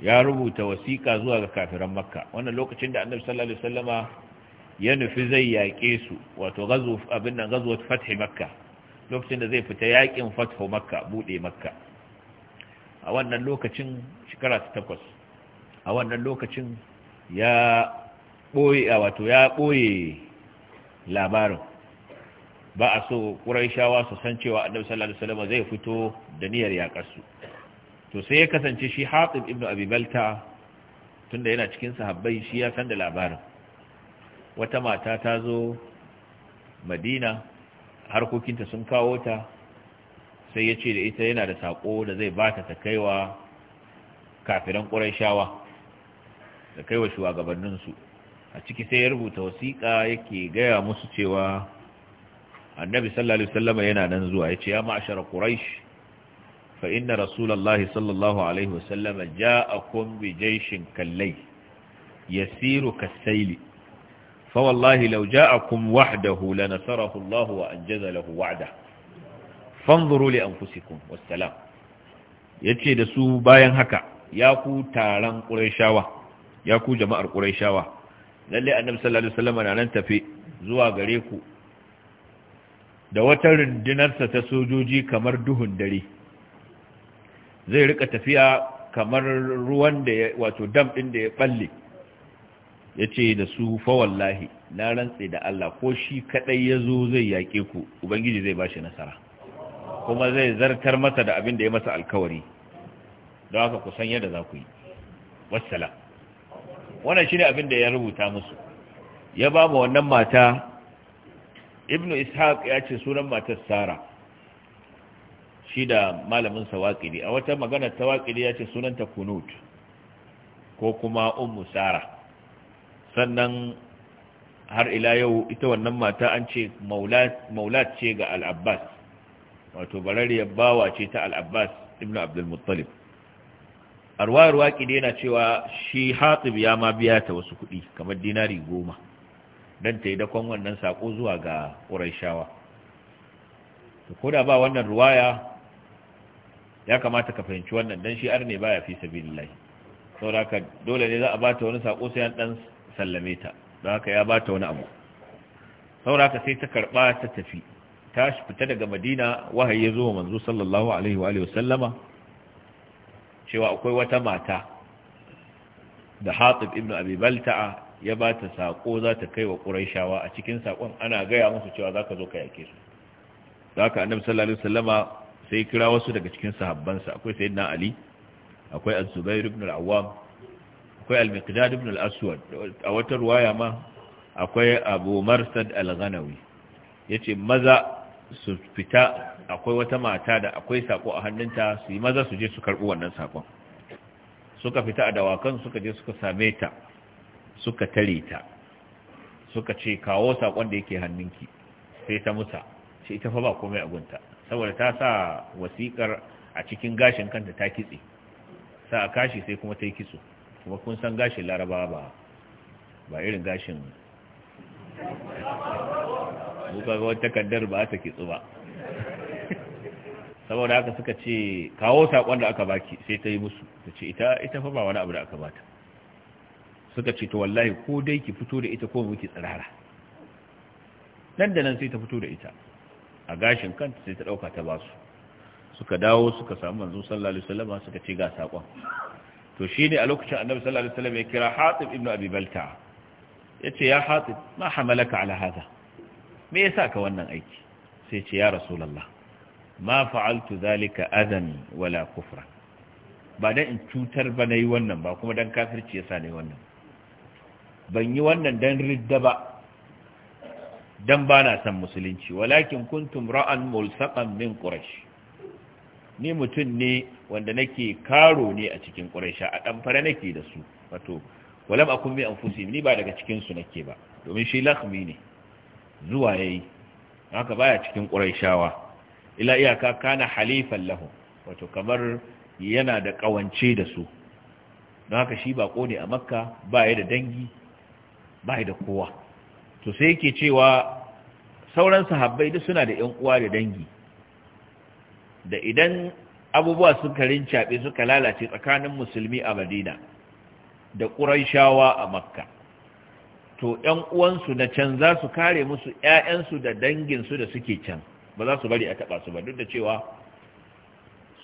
ya rubuta wasiƙa zuwa ga kafiran makka wannan lokacin da annabi sallallahu alaihi wasallama ya nufi zai yaƙe su wato gazu abin nan gazuwat fathi makka lokacin da zai fita yaƙin fathu makka bude makka a wannan lokacin shekara ta takwas a wannan lokacin ya ɓoye wato ya ɓoye labarin ba a so ƙuraishawa su san cewa annabi sallallahu alaihi wasallam zai fito da niyyar yakar su to sai ya kasance shi Hatib ibn Abi Balta tunda yana cikin sahabbai shi ya san da labarin wata mata ta zo Madina harkokinta sun kawo ta sai ya ce da ita yana da saƙo da zai ba ta kaiwa kafiran ƙuraishawa da kaiwa shugabanninsu a ciki sai ya rubuta wasiƙa yake gaya musu cewa annabi sallallahu alaihi wasallam yana nan zuwa yace ya ma'shara quraish fa inna rasulullahi sallallahu alaihi wasallam ja'akum bi jayshin kallay yasiru kasayli fa wallahi law ja'akum wahdahu lanasarahu Allah wa anjaza lahu wa'da fanzuru li anfusikum wassalam yace da su bayan haka ya ku taran qurayshawa ya ku jama'ar qurayshawa lalle annabi sallallahu alaihi wasallam na nan tafi zuwa gare ku da wata rundunarsa ta sojoji kamar duhun dare zai rika tafiya kamar ruwan da ya wato dam ɗin da ya ɓalle. ya ce da su fa wallahi na rantse da Allah ko shi kaɗai ya zo zai yaƙe ku ubangiji zai bashi nasara kuma zai zartar masa da abin da ya masa alkawari don haka ku san yadda za ku yi wassala wannan shi ne abin da ya rubuta musu ya ba mu wannan mata ibnu ishaq ya ce sunan matar sara shi da malamin sawaƙili a wata magana tawaƙili ya ce sunanta kunut ko kuma ummu sara sannan har ila yau ita wannan mata an ce maulat ce ga al'abbas wato barariyar bawa ce ta al'abbas Ibnu abdulmuttalib arwayar arwa ne yana cewa shi hatsib ya ma biya ta wasu kuɗi kamar dinari goma dan ta yi dakon wannan sako zuwa ga ƙuraishawa ko da ba wannan ruwaya ya kamata ka fahimci wannan dan shi arne ya fi sabilillahi saboda dole ne za a bata wani sako sai an dan sallame ta don haka ya bata wani abu ka sai ta karba ta tafi ta fita daga madina wahayi ya zo manzo sallallahu alaihi wa sallama cewa akwai wata mata da hatib ibn abi balta'a ya ba ta saƙo za ta kai wa ƙuraishawa a cikin saƙon ana gaya musu cewa za ka zo ka yake su za ka annabi sallallahu alaihi wasallama sai kira wasu daga cikin sahabbansa akwai sayyidina ali akwai az-zubair ibn al-awwam akwai al-miqdad ibn al-aswad a wata ruwaya ma akwai abu marsad al-ghanawi yace maza su fita akwai wata mata da akwai sako a hannunta su yi maza su je su karɓi wannan sakon suka fita a dawakan suka je suka same ta suka tare ta suka ce kawo sakon da yake hannunki sai ta musa sai ita fa ba komai a gunta saboda ta sa wasikar a cikin gashin kanta ta kitse sa a kashi sai kuma ta yi kitso kuma kun san gashin laraba ba ba irin gashin buka ga wata takardar ba ta kitso ba saboda haka suka ce kawo sakon da aka baki sai ta yi musu ta ce ita ita fa ba wani abu da aka bata suka ce ta wallahi ko dai ki fito da ita ko muke tsirara nan da nan sai ta fito da ita a gashin kanta sai ta dauka ta basu suka dawo suka samu manzo sallallahu alaihi wasallam suka ce ga sakon to shine a lokacin annabi sallallahu alaihi wasallam ya kira Hatib ibn Abi Balta yace ya Hatib ma hamalaka ala hada me yasa ka wannan aiki sai ce ya rasulullah ma fa'altu dhalika adan wala kufra ba dan in cutar ba nayi wannan ba kuma dan kafirci yasa nayi wannan ban yi wannan dan ridda ba dan ba na san musulunci walakin kuntum ra'an mulsaqan min quraish ni mutun ne wanda nake karo ne a cikin quraisha a dan fara nake da su wato walam akun bi anfusi ni ba daga cikin su nake ba domin shi lakhmi ne zuwa yayi haka baya cikin quraishawa ila iyaka kana halifan lahu wato kamar yana da ƙawance da su don haka shi ba kone a makka ba ya da dangi ba da kowa to sai yake cewa sauran sahabbai duk suna da ƴan uwa da dangi da idan abubuwa suka rincaɓe suka lalace tsakanin musulmi a madina da ƙuraishawa a makka to ƴan uwansu na can za su kare musu ‘ya'yansu da danginsu da suke can ba za su bari a taɓa su ba duk da cewa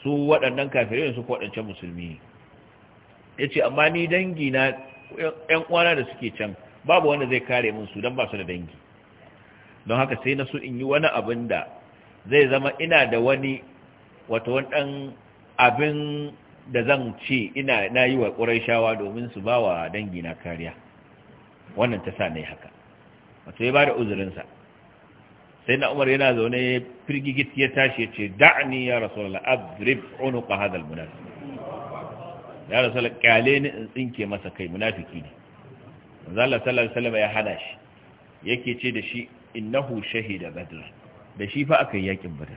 su waɗannan kafirai su waɗancan musulmi ya ce amma ni dangi na ‘yan uwana da suke can babu wanda zai kare mun su don ba su da dangi don haka sai na so in yi wani abin da zai zama ina da wani wato wani ɗan abin da zan ce ina na yi wa ƙuraishawa domin su ba wa dangi na kariya wannan ta sa na yi haka wato ya ba da uzurinsa sai na umar yana zaune firgigit ya tashi ya ce da'ani ya rasulallah adrib unuqa hadal munafiq ya rasulallah ƙyale ni in tsinke masa kai munafiki ne manzo sallallahu alaihi ya hada shi yake ce da shi innahu shahida badr da shi fa aka yakin badr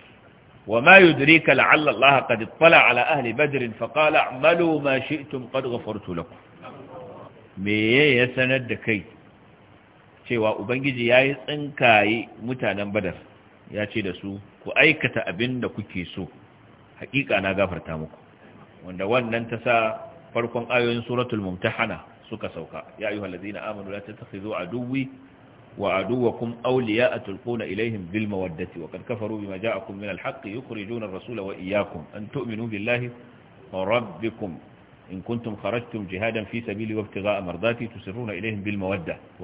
wa ma yudrika la'alla Allah qad ittala ala ahli badr fa qala a'malu ma shi'tum qad ghafartu lakum me ya sanar da kai cewa ubangiji yayi tsinkaye mutanen badar ya ce da su ku aikata abin da kuke so hakika na gafarta muku wanda wannan ta sa farkon ayoyin suratul mumtahana suka sauka ya ayyuhal ladina amanu la tattakhidhu aduwwi wa aduwwakum awliya'a tulquna ilayhim bil mawaddati wa qad kafaru rasula wa iyyakum an billahi wa rabbikum إن كنتم خرجتم جهادا في سبيلي وابتغاء مرضاتي تسرون إليهم بالمودة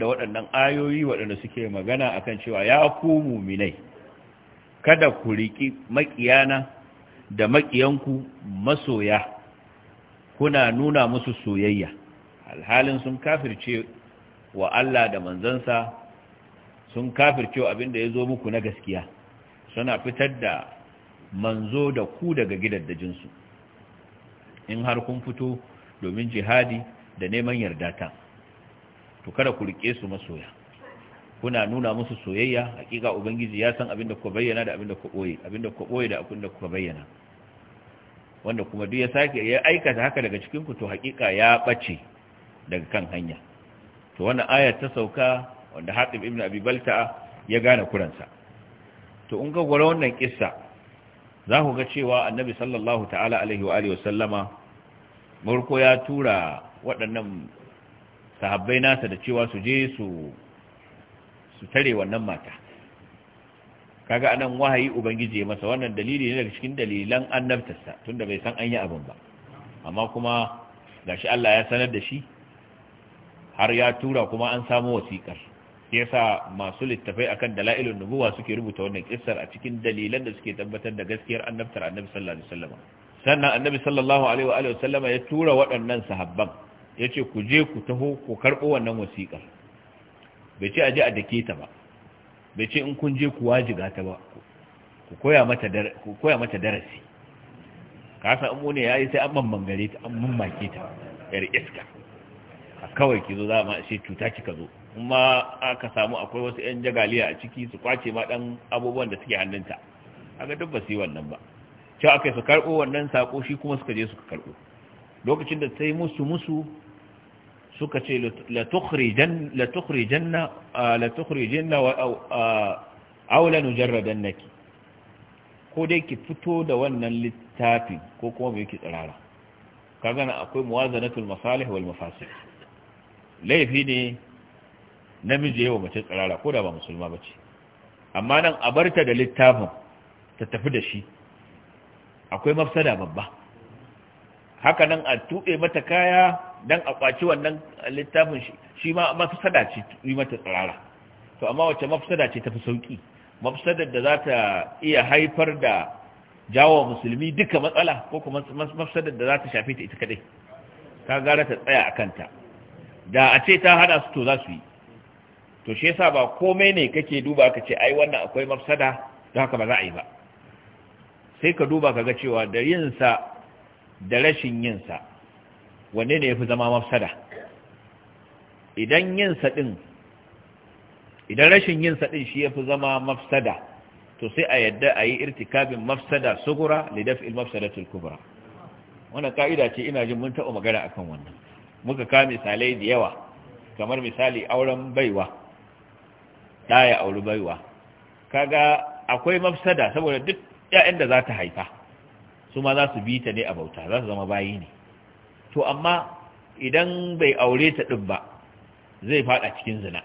da waɗannan ayoyi waɗanda suke magana akan cewa ya ku muminai kada ku riki makiyana da makiyanku masoya kuna nuna musu soyayya alhalin sun kafirce wa Allah da manzansa sun kafirce abinda ya zo muku na gaskiya suna fitar da manzo da ku daga gidaddajinsu in har kun fito domin jihadi da neman yarda ta to kada ku rike su masoya kuna nuna musu soyayya hakika ubangiji ya san abinda kuka bayyana da abinda kuka boye abinda ku boye da abinda kuka bayyana wanda kuma duk ya sake ya aikata haka daga cikin ku to hakika ya bace daga kan hanya to wannan ayar ta sauka wanda Hatib ibn Abi balta ya gane kuransa to in ga gwara wannan kissa za ku ga cewa Annabi sallallahu ta'ala alaihi wa alihi wasallama murko ya tura waɗannan sahabbai nasa da cewa su je su su tare wannan mata kaga anan wahayi ubangiji ya masa wannan dalili ne daga cikin dalilan annabtarsa tunda bai san an yi abin ba amma kuma gashi Allah ya sanar da shi har ya tura kuma an samu wasikar yasa masu littafai akan dalailun nubuwa suke rubuta wannan kissar a cikin dalilan da suke tabbatar da gaskiyar annabtar annabi sallallahu alaihi wasallam sannan annabi sallallahu alaihi wa wasallam ya tura waɗannan sahabban yace ku je ku taho ku karɓo wannan wasikar bai ce aje a dake ta ba bai ce in kun je ku wajiga ta ba ku koya mata darasi kasa amu ne ya yi sai an gare ta an mummake ta yar iska a kawai ki zo za ma ce cuta kika zo kuma aka samu akwai wasu 'yan jagaliya a ciki su kwace ma dan abubuwan da suke hannunta aga duk ba su yi wannan ba cewa aka su karɓo wannan sako shi kuma suka je suka karɓo lokacin da sai musu musu suka ce latukhrijanna aula nujarradannaki ko dai ki fito da wannan littafin ko kuma bai ki tsirara kaga na akwai muwazanatul masalih wal mafasid laifi ne namiji yawa mace tsirara ko da ba musulma bace amma nan a barta da littafin ta tafi da shi akwai mafsada babba haka nan a tuɓe mata kaya dan a kwaci wannan littafin shi shi ma mafsada ce yi mata tsirara to amma wacce mafsada ce tafi sauki mafsadar da za ta iya haifar da jawo musulmi duka matsala ko kuma mafsadar da za ta shafe ta ita kadai ka gara ta tsaya a kanta da a ce ta hada su to za su yi to shi yasa ba komai ne kake duba ka ce ai wannan akwai mafsada don haka ba za a yi ba sai ka duba ka ga cewa da yinsa da rashin yinsa wanne ne fi zama mafsada idan yin sadin idan rashin yin sadin shi yafi zama mafsada to sai a yadda a yi irtikabin mafsada sugura da daf'il mafsadatul kubra wannan ka'ida ce ina jin mun taɓa magana akan wannan muka ka misalai da yawa kamar misali auren baiwa ɗaya auri baiwa kaga akwai mafsada saboda duk 'ya'yan da za ta haifa su ma za su bi ta ne a bauta za su zama bayi ne to amma idan bai aure ta ɗin ba zai fada cikin zina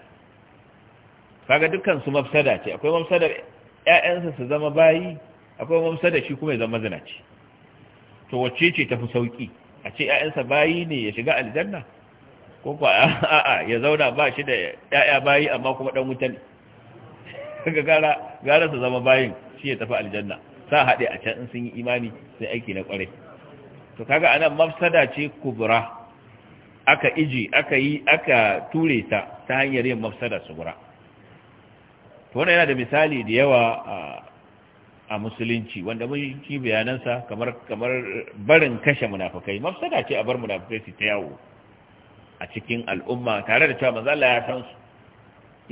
kaga dukkan su mafsada ce akwai mafsadar ƴaƴansa su zama bayi akwai mafsadar shi kuma ya zama zina ce to wacce ce tafi sauki a ce ƴaƴansa bayi ne ya shiga aljanna ko ko a'a ya zauna ba shi da ƴaƴa bayi amma kuma dan wuta ne kaga gara gara su zama bayin shi ya tafi aljanna sa haɗe a can in sun yi imani sai aiki na ƙwarai to kaga anan mafsada ce kubra aka iji aka yi aka ture ta ta hanyar yin mafsada sugura to wannan yana da misali da yawa a musulunci wanda mun yi bayanansa kamar kamar barin kashe munafikai mafsada ce a bar munafikai su ta yawo a cikin al'umma tare da cewa manzo Allah ya san su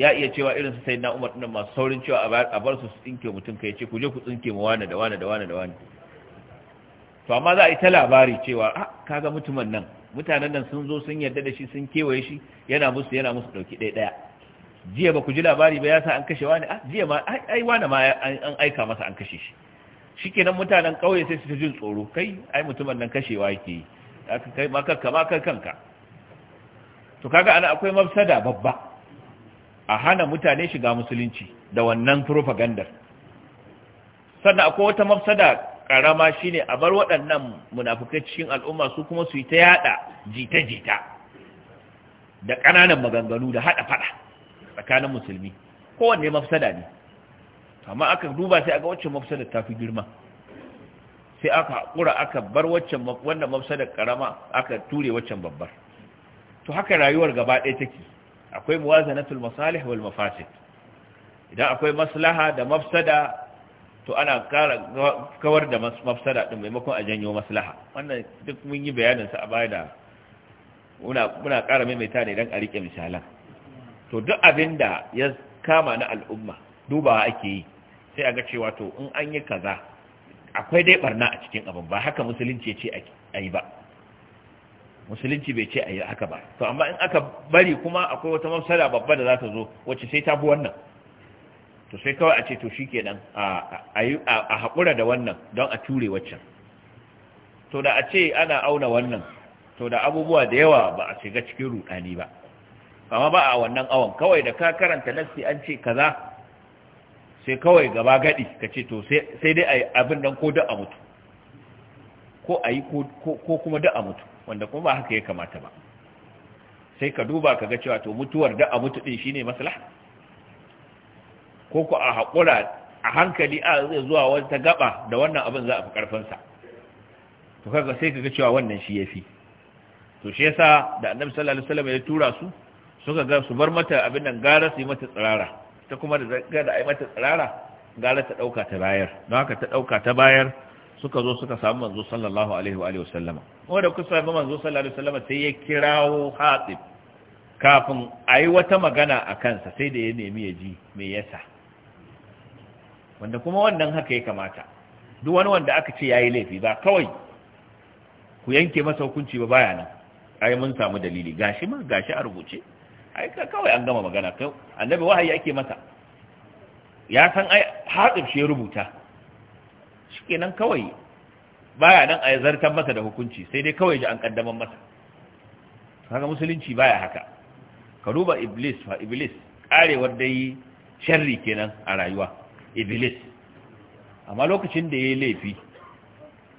ya iya cewa irin su sayyidina Umar din masu saurin cewa a bar su su tsinke mutum kai ce ku je ku tsinke mu wani da wani da wani da wani to amma za a yi ta labari cewa ah kaga mutumin nan mutanen nan sun zo sun yarda da shi sun kewaye shi yana musu yana musu dauki ɗaya ɗaya jiya ba ku ji labari ba ya sa an kashe wani ah jiya ma ai wani ma an aika masa an kashe shi shikenan mutanen ƙauye sai su jin tsoro kai ai mutumin nan kashewa yake yi aka kai ma kanka ma kai kanka to kaga ana akwai mafsada babba a hana mutane shiga musulunci da wannan propaganda sannan akwai wata mafsada karama shine a bar waɗannan munafukai cikin al'umma su kuma su yi ta yada jita-jita da ƙananan maganganu da haɗa faɗa tsakanin musulmi kowanne mafsada ne amma aka duba sai aka wacce mafsada ta fi girma sai aka haƙura aka bar waccan wannan mafsada karama aka ture waccan babbar to haka rayuwar gaba ɗaya take akwai muwazanatul masalih wal mafasid idan akwai maslaha da mafsada to ana kara kawar da mafsada din maimakon a janyo maslaha wannan duk mun yi bayanin sa a baya da muna muna kara maimaita ne dan a rike misalan to duk da ya kama na al'umma dubawa ake yi sai a ga cewa to in an yi kaza akwai dai barna a cikin abin ba haka musulunci ce a yi ba musulunci bai ce a yi haka ba to amma in aka bari kuma akwai wata mafsada babba da za ta zo wacce sai ta bi wannan to sai kawai a ce to shikenan a haƙura da wannan don a ture waccan to da a ce ana auna wannan to da abubuwa da yawa ba a shiga cikin rudani ba amma ba a wannan awon kawai da ka karanta nassi an ce kaza sai kawai gaba gadi ka ce to sai dai yi abin dan ko da a mutu ko a yi ko kuma da a mutu wanda kuma ba haka ya kamata ba sai ka duba ka ga cewa to mutuwar da a mutu din shine maslaha ko ku a haƙura a hankali a zai zuwa wata gaba da wannan abin za a fi ƙarfinsa to kaga sai kaga cewa wannan shi ya fi to shi yasa da annabi sallallahu alaihi wasallam ya tura su suka ga su bar mata abin nan gara su yi mata tsirara ta kuma da ga da ai mata tsirara gara ta dauka ta bayar don haka ta dauka ta bayar suka zo suka samu manzo sallallahu alaihi wa alihi wasallama da kusa ga manzo sallallahu alaihi wasallama sai ya kirawo hatib kafin ayi wata magana a kansa sai da ya nemi ya ji me yasa wanda kuma wannan haka ya kamata duk wani wanda aka ce ya yi laifi ba kawai ku yanke masa hukunci ba baya nan ai mun samu dalili gashi ma gashi a rubuce ai kawai an gama magana kai annabi wahayi ake masa ya san ai haɗin shi ya rubuta shikenan kawai baya nan a zartar masa da hukunci sai dai kawai ji an kaddaman masa kaga musulunci baya haka ka duba iblis fa iblis karewar dai sharri kenan a rayuwa iblis amma lokacin da ya yi laifi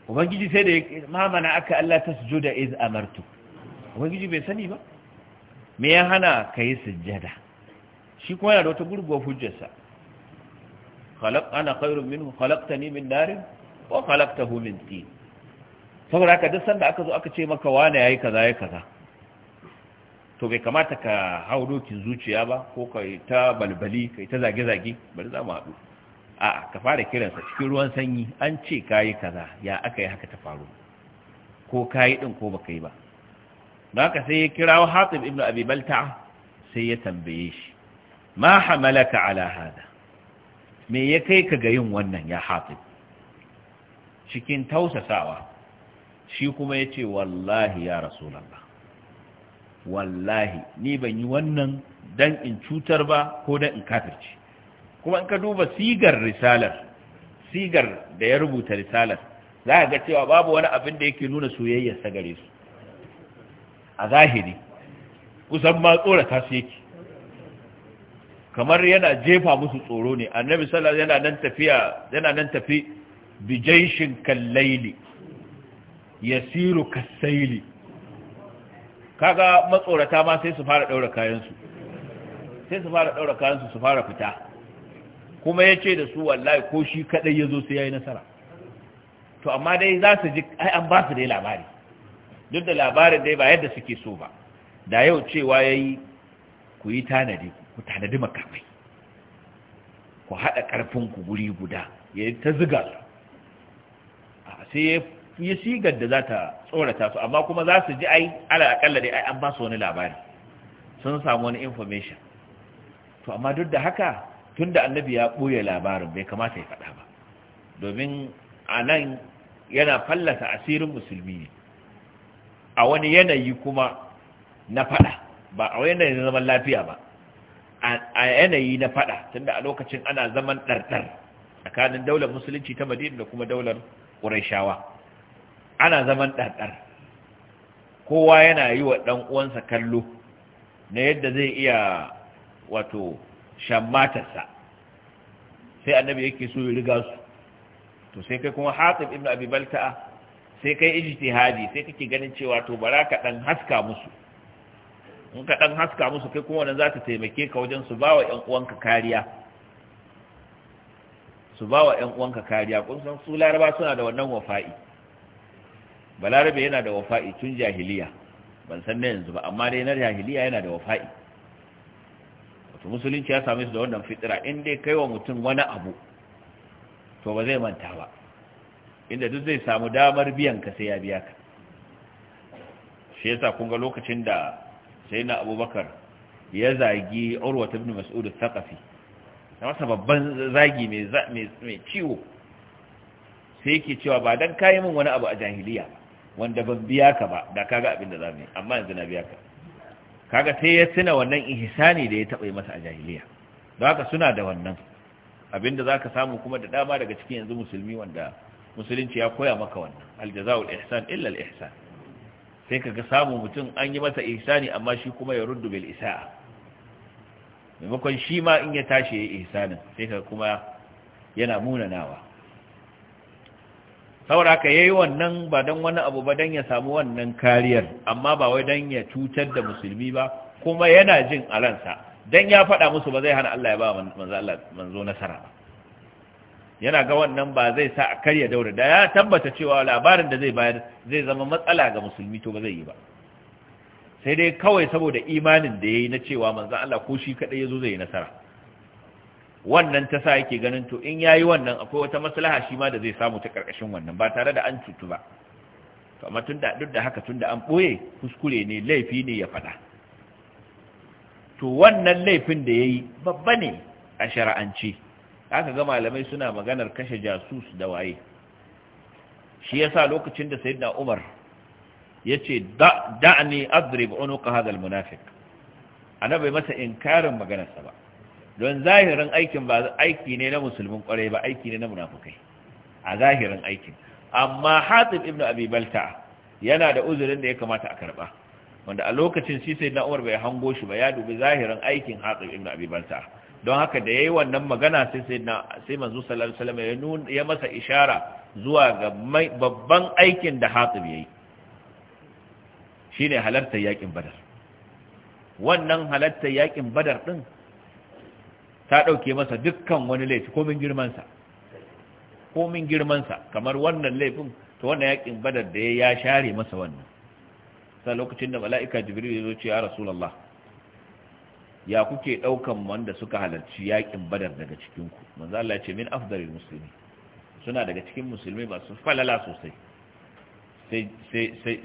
ubangiji sai da ya mamana aka Allah ta sujuda iz amartu ubangiji bai sani ba me ya hana ka yi sujjada shi kuma yana da wata gurguwar hujjarsa khalaq ana khairun minhu khalaqtani min narin wa khalaqtahu min tin saboda haka duk sanda aka zo aka ce maka wane yayi kaza yayi kaza to bai kamata ka hau dokin zuciya ba ko ka ta balbali ka ta zage-zage bari za mu haɗu a'a ka fara kiransa cikin ruwan sanyi an ce kayi kaza ya aka yi haka ta faru ko kayi din ko baka yi ba don haka sai ya kirawo hatib ibnu abi balta'a sai ya tambaye shi ma hamalaka ala hada me ya kai ka ga yin wannan ya hatib cikin tausasawa shi kuma ya ce wallahi ya rasulallah wallahi ni ban yi wannan dan in cutar ba ko dan in kafirci kuma in ka duba sigar risalar sigar da ya rubuta risalar za a ga cewa babu wani abin da yake nuna sa gare su a zahiri kusan ma tsorata su yake kamar yana jefa musu tsoro ne annabi sallallahu yana nan tafiya yana nan tafi kallaili yasiru kasaili kaga matsorata ma sai su fara daura kayan su sai su fara daura kayan su fara fita kuma ya ce da su wallahi ko shi kaɗai ya zo sai ya yi nasara to amma dai za su ji ai an ba su dai labari duk da labarin dai ba yadda suke so ba da yau cewa ya yi ku yi tanadi ku tanadi makamai ku haɗa ƙarfinku guri guda ya yi ta ziga su sai ya yi sigar da za ta tsorata su amma kuma za su ji ai alaƙalla dai ai an ba su wani labari sun samu wani information to amma duk da haka tunda annabi ya ɓoye labarin bai kamata ya faɗa ba domin a nan yana fallasa asirin musulmi ne a wani yanayi kuma na faɗa ba a wani yanayi na zaman lafiya ba a yanayi na faɗa tunda a lokacin ana zaman ɗarɗar tsakanin daular musulunci ta madina da kuma daular ƙurashawa ana zaman ɗarɗar kowa yana yi wa ɗan uwansa kallo na yadda zai iya wato shammatarsa sai annabi yake so ya riga su to sai kai kuma hatib ibn abi balta'a sai kai ijtihadi sai kake ganin cewa to bara ka dan haska musu in ka dan haska musu kai kuma wannan za ta taimake ka wajen su bawa ƴan uwanka kariya su bawa ƴan uwanka kariya kun san su laraba suna da wannan wafa'i balarabe yana da wafa'i tun jahiliya ban san na yanzu ba amma dai na jahiliya yana da wafa'i to musulunci ya same su da wannan fitira in dai kai wa mutum wani abu to ba zai manta ba inda duk zai samu damar biyan ka sai ya biya ka shi yasa kun ga lokacin da sai na abubakar ya zagi urwa ibn mas'ud al-thaqafi masa babban zagi mai ciwo sai yake cewa ba dan kai min wani abu a jahiliya wanda ban biya ka ba da kaga abin da zamu yi amma yanzu na biya ka kaga sai ya tuna wannan ihsani da ya taɓa yi masa a jahiliya don haka suna da wannan abinda za ka samu kuma da dama daga cikin yanzu musulmi wanda musulunci ya koya maka wannan aljaza'ul ihsan illa al-ihsan sai kaga samu mutum an yi masa ihsani amma shi kuma ya ruddu bil isa'a maimakon shi ma in ya tashi ya yi ihsanin sai kaga kuma yana munanawa saboda haka yayi wannan ba dan wani abu ba dan ya samu wannan kariyar amma ba wai dan ya cutar da musulmi ba kuma yana jin alansa dan ya faɗa musu ba zai hana Allah ya ba manzo Allah manzo nasara ba yana ga wannan ba zai sa a karya daura da ya tabbata cewa labarin da zai bayar zai zama matsala ga musulmi to ba zai yi ba sai dai kawai saboda imanin da ya yi na cewa manzo Allah ko shi kaɗai ya zo zai yi nasara wannan ta sa yake ganin to in yayi wannan akwai wata maslaha shi ma da zai samu ta karkashin wannan ba tare da an cutu ba amma tunda duk da haka tunda an boye kuskure ne laifi ne ya faɗa to wannan laifin da yayi babba ne a shara'anci aka ga malamai suna maganar kashe jasus da waye shi yasa lokacin da sayyidina Umar yace da'ni adrib unuqa hadha almunafiq bai masa inkarin maganarsa ba don zahirin aikin ba aiki ne na musulmin kwarai ba aiki ne na munafukai a zahirin aikin amma hatib ibnu abi balta yana da uzurin da ya kamata a karba wanda a lokacin shi sai na Umar bai hango shi ba ya dubi zahirin aikin hatib ibnu abi balta don haka da yayi wannan magana sai sai na sai manzo sallallahu alaihi wasallam ya nuna ya masa ishara zuwa ga babban aikin da hatib yayi shine halartar yakin badar wannan halartar yakin badar din ta ɗauke masa dukkan wani laifi komin girmansa komin girmansa kamar wannan laifin to wannan yakin badar da ya share masa wannan sa lokacin da mala'ika jibril ya zo ce ya rasulullah ya kuke ɗaukan wanda suka halarci yakin badar daga cikinku manzo Allah ya ce min afdalil muslimi suna daga cikin musulmi masu falala sosai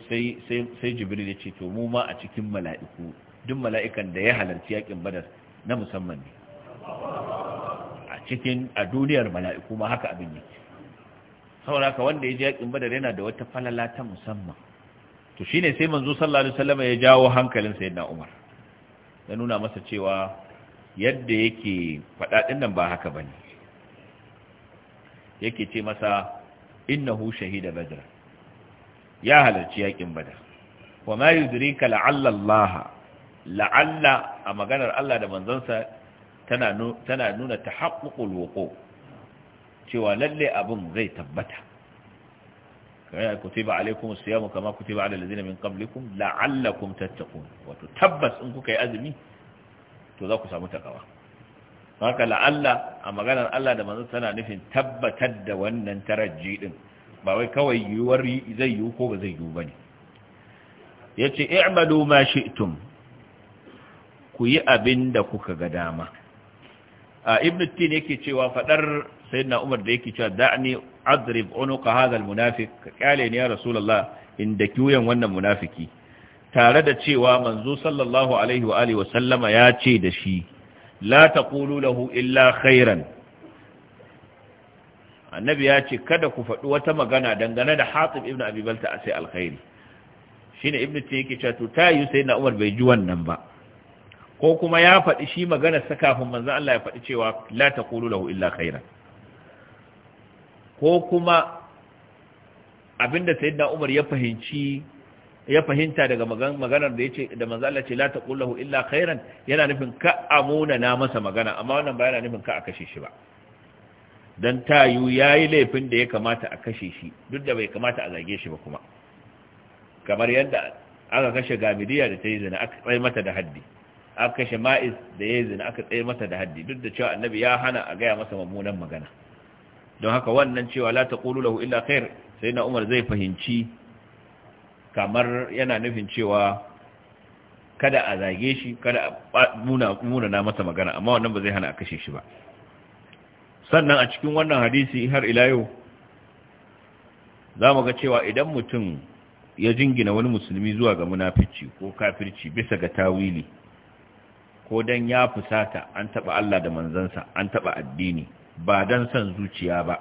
sai jibril ya ce to mu ma a cikin mala'iku duk mala'ikan da ya halarci yakin badar na musamman ne a cikin a duniyar mala'iku ma haka abin yake saboda haka wanda ya je yakin badar yana da wata falala ta musamman to shine sai manzo sallallahu alaihi wasallam ya jawo hankalin na Umar ya nuna masa cewa yadda yake faɗa nan ba haka bane yake ce masa innahu shahida badr ya halarci yakin badar wa ma yudrika la'alla Allah la'alla a maganar Allah da manzansa tana nuna ta haƙuƙul wuƙo cewa lalle abin zai tabbata kare kutiba alaikum siyamu kama kutiba ala lazina min qablikum la'allakum tattaqun wato tabbas in kuka yi azumi to za ku samu takawa haka la'alla a maganar Allah da manzon tana nufin tabbatar da wannan tarajji din ba wai kawai yiwuwar zai yiwu ko ba zai yiwu bane yace i'malu ma shi'tum ku yi abin da kuka ga dama ibn tin yake cewa fadar sayyidina umar da yake cewa da'ni adrib unuqa hadha almunafiq kale ne ya rasulullah inda kiyan wannan munafiki tare da cewa manzo sallallahu alaihi wa alihi wa sallama ya ce da shi la taqulu lahu illa khairan annabi ya ce kada ku faɗi wata magana dangane da hatib ibn abi balta sai alkhairi shine ibn tin yake cewa to tayi sayyidina umar bai ji wannan ba ko kuma ya faɗi shi maganar sa kafin manzan Allah ya faɗi cewa la taqulu lahu illa khaira ko kuma abinda sayyidina Umar ya fahimci ya fahimta daga maganar da yace da manzan Allah ce la taqulu lahu illa khairan yana nufin ka amuna na masa magana amma wannan ba yana nufin ka a kashe shi ba dan tayu yayi laifin da ya kamata a kashe shi duk da bai kamata a zage shi ba kuma kamar yadda aka kashe gamidiya da ta yi zina aka mata da haddi aka kashe ma'iz da ya zina aka tsaye masa da haddi duk da cewa annabi ya hana a gaya masa mummunan magana don haka wannan cewa la taqulu lahu illa khair sai na umar zai fahimci kamar yana nufin cewa kada a zage shi kada a muna na masa magana amma wannan ba zai hana a kashe shi ba sannan a cikin wannan hadisi har ila yau za mu ga cewa idan mutum ya jingina wani musulmi zuwa ga munafici ko kafirci bisa ga tawili ko dan ya fusata an taba Allah da manzansa an taba addini ba dan san zuciya ba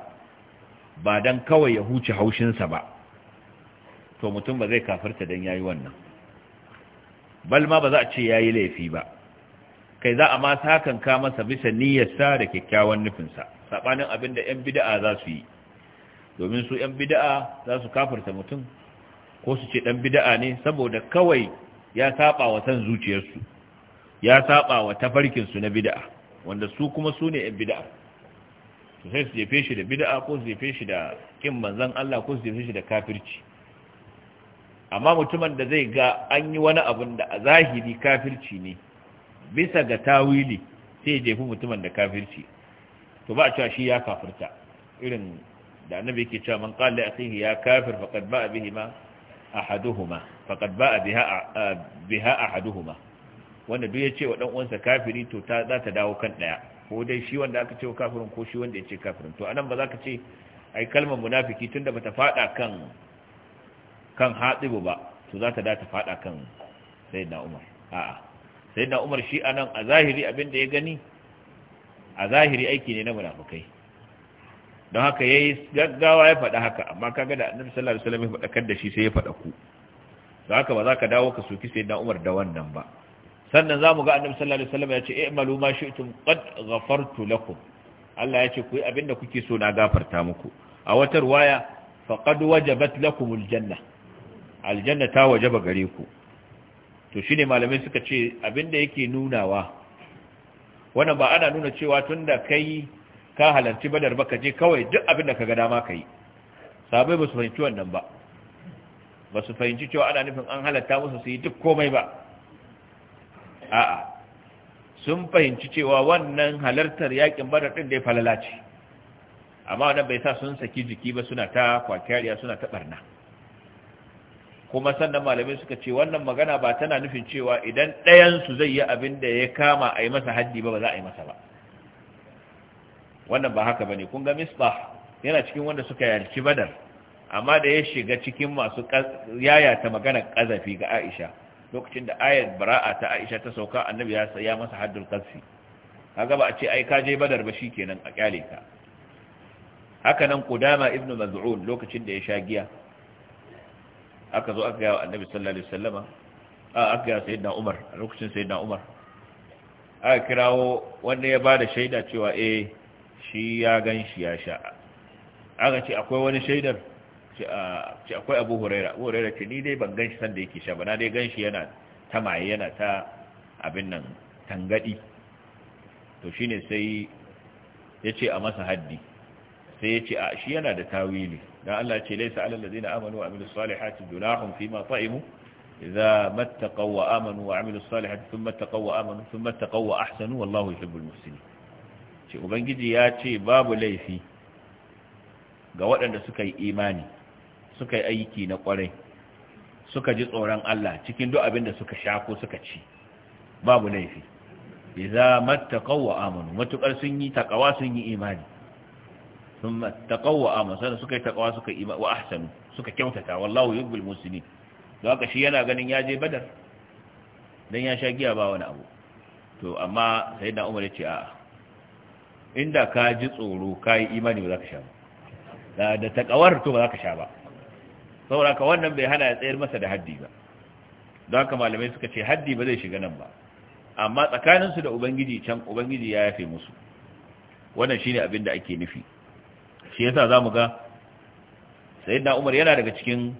ba dan kawai ya huce haushinsa ba to mutum ba zai kafirta dan yayi wannan bal ma ba za a ce yayi laifi ba kai za a ma sakan ka masa bisa niyyarsa da kyakkyawan nufinsa sabanin abin da yan bida'a za su yi domin su yan bida'a za su kafirta mutum ko su ce dan bid'a ne saboda kawai ya saɓa wa san zuciyarsu ya saba wa tafarkinsu na bid'a wanda su kuma su ne yan bid'a Su sai su jefe shi da bid'a ko su jefe shi da kin manzon Allah ko su jefe shi da kafirci amma mutumin da zai ga an yi wani abun da a zahiri kafirci ne bisa ga tawili sai jefi mutumin da kafirci to ba a cewa shi ya kafirta irin da annabi yake cewa man qala akhihi ya kafir faqad ba'a bihi ma ahaduhuma faqad ba'a biha biha ahaduhuma wanda duk ya ce wa ɗan'uwansa kafiri to ta za ta dawo kan ɗaya ko dai shi wanda aka ce wa kafirin ko shi wanda ya ce kafirin to anan ba za ka ce ai kalmar munafiki tun da ba ta faɗa kan kan hatsibu ba to za ta da ta faɗa kan sayyidina umar a'a sayyidina umar shi anan a zahiri abin da ya gani a zahiri aiki ne na munafikai don haka yayi gaggawa ya faɗa haka amma kaga da annabi sallallahu alaihi wasallam ya faɗa kan da shi sai ya faɗa ku don haka ba za ka dawo ka soki sayyidina umar da wannan ba sannan za mu ga annabi sallallahu alaihi wasallam ya ce i'malu ma shi'tum qad ghafartu lakum Allah ya ce ku yi abinda kuke so na gafarta muku a wata riwaya faqad wajabat lakum aljanna aljanna ta wajaba gare ku to shine malamai suka ce abinda yake nunawa wannan ba ana nuna cewa tunda kai ka halarci badar ba je kawai duk abinda ga dama kai sabai ba su fahimci wannan ba ba su fahimci cewa ana nufin an halarta musu su yi duk komai ba a'a sun fahimci cewa wannan halartar yakin badar din da ya falala ce amma wannan bai sa sun saki jiki ba suna ta kwakiyariya suna ta barna kuma sannan malamai suka ce wannan magana ba tana nufin cewa idan ɗayan su zai yi abin da ya kama a yi masa haddi ba ba za a yi masa ba wannan ba haka bane kun ga misbah yana cikin wanda suka yarci badar amma da ya shiga cikin masu yayata maganar kazafi ga aisha lokacin da ayar bara'a ta aisha ta sauka annabi ya saya masa haddul qasfi kaga ba a ce ai ka je badar ba shikenan a kyale ka haka nan kudama ibnu maz'un lokacin da ya sha giya aka zo aka ga annabi sallallahu alaihi wasallama a aka ga sayyidina umar a lokacin sayyidina umar aka kirawo wanda ya bada shaida cewa eh shi ya gan shi ya sha aka ce akwai wani shaidar Ah, ce akwai abu huraira abu huraira ce ni dai ban ganshi sanda yake sha ba na dai ganshi yana ta maye yana ta abin nan tangadi to shi ne sai ya ce a masa haddi sai ya ce a ah, shi yana da tawili dan Allah ce laisa alal ladina amanu wa amilus salihati junahum ma ta'imu idza mattaqaw wa amanu wa amilus salihati thumma taqaw wa amanu thumma taqaw wa ahsanu wallahu yuhibbul muhsinin ce ubangiji ya ce babu laifi ga waɗanda suka yi imani suka yi aiki na kwarai suka ji tsoron Allah cikin duk abin da suka sha ko suka ci babu laifi idza mattaqaw wa amanu matukar sun yi takawa sun yi imani sun taqaw wa amanu sai suka yi takawa suka yi wa ahsanu suka kyautata wallahu yuhibbul muslimin don haka shi yana ganin ya je badar dan ya sha giya ba wani abu to amma sayyidina umar ya ce a'a inda ka ji tsoro ka yi imani ba za ka sha ba da takawar to ba za ka sha ba saboda ka wannan bai hana ya tsayar masa da haddi ba don haka malamai suka ce haddi ba zai shiga nan ba amma tsakaninsu da ubangiji can ubangiji ya yafe musu wannan shine abin da ake nufi shi yasa zamu ga sayyidina Umar yana daga cikin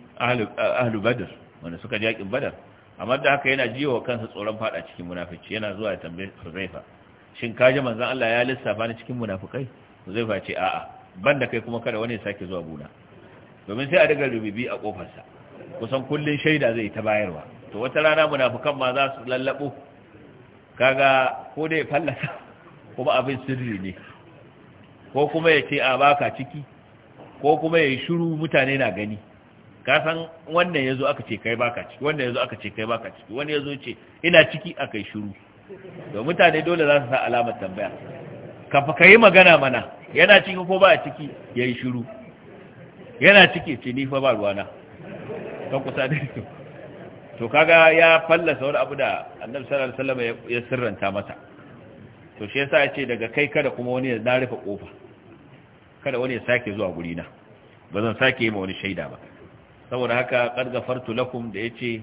ahlu badr wanda suka ji yakin badar amma da haka yana jiwa kansa tsoron fada cikin munafici yana zuwa ya tambaye Huzaifa shin kaji manzon Allah ya lissafa ni cikin munafukai Huzaifa ce a'a ban da kai kuma kada wani ya sake zuwa gona domin sai a daga rububi a kofarsa kusan kullun shaida zai ta bayarwa to wata rana munafukan ma za su lallabo kaga ko dai fallasa kuma abin sirri ne ko kuma ya ce a baka ciki ko kuma ya yi shiru mutane na gani ka san wannan yazo aka ce kai baka ciki wannan yazo aka ce kai baka ciki wani yazo ce ina ciki aka yi shiru to mutane dole za su sa alamar tambaya ka fa kai magana mana yana ciki ko ba ciki yayi shiru yana ciki ce nifa fa ba ruwana ta kusa da shi to kaga ya fallasa wani abu da annabi sallallahu alaihi wasallam ya sirranta mata to shi yasa yace daga kai kada kuma wani ya na rufe kofa kada wani ya sake zuwa guri na bazan sake yi ma wani shaida ba saboda haka qad gafartu lakum da yace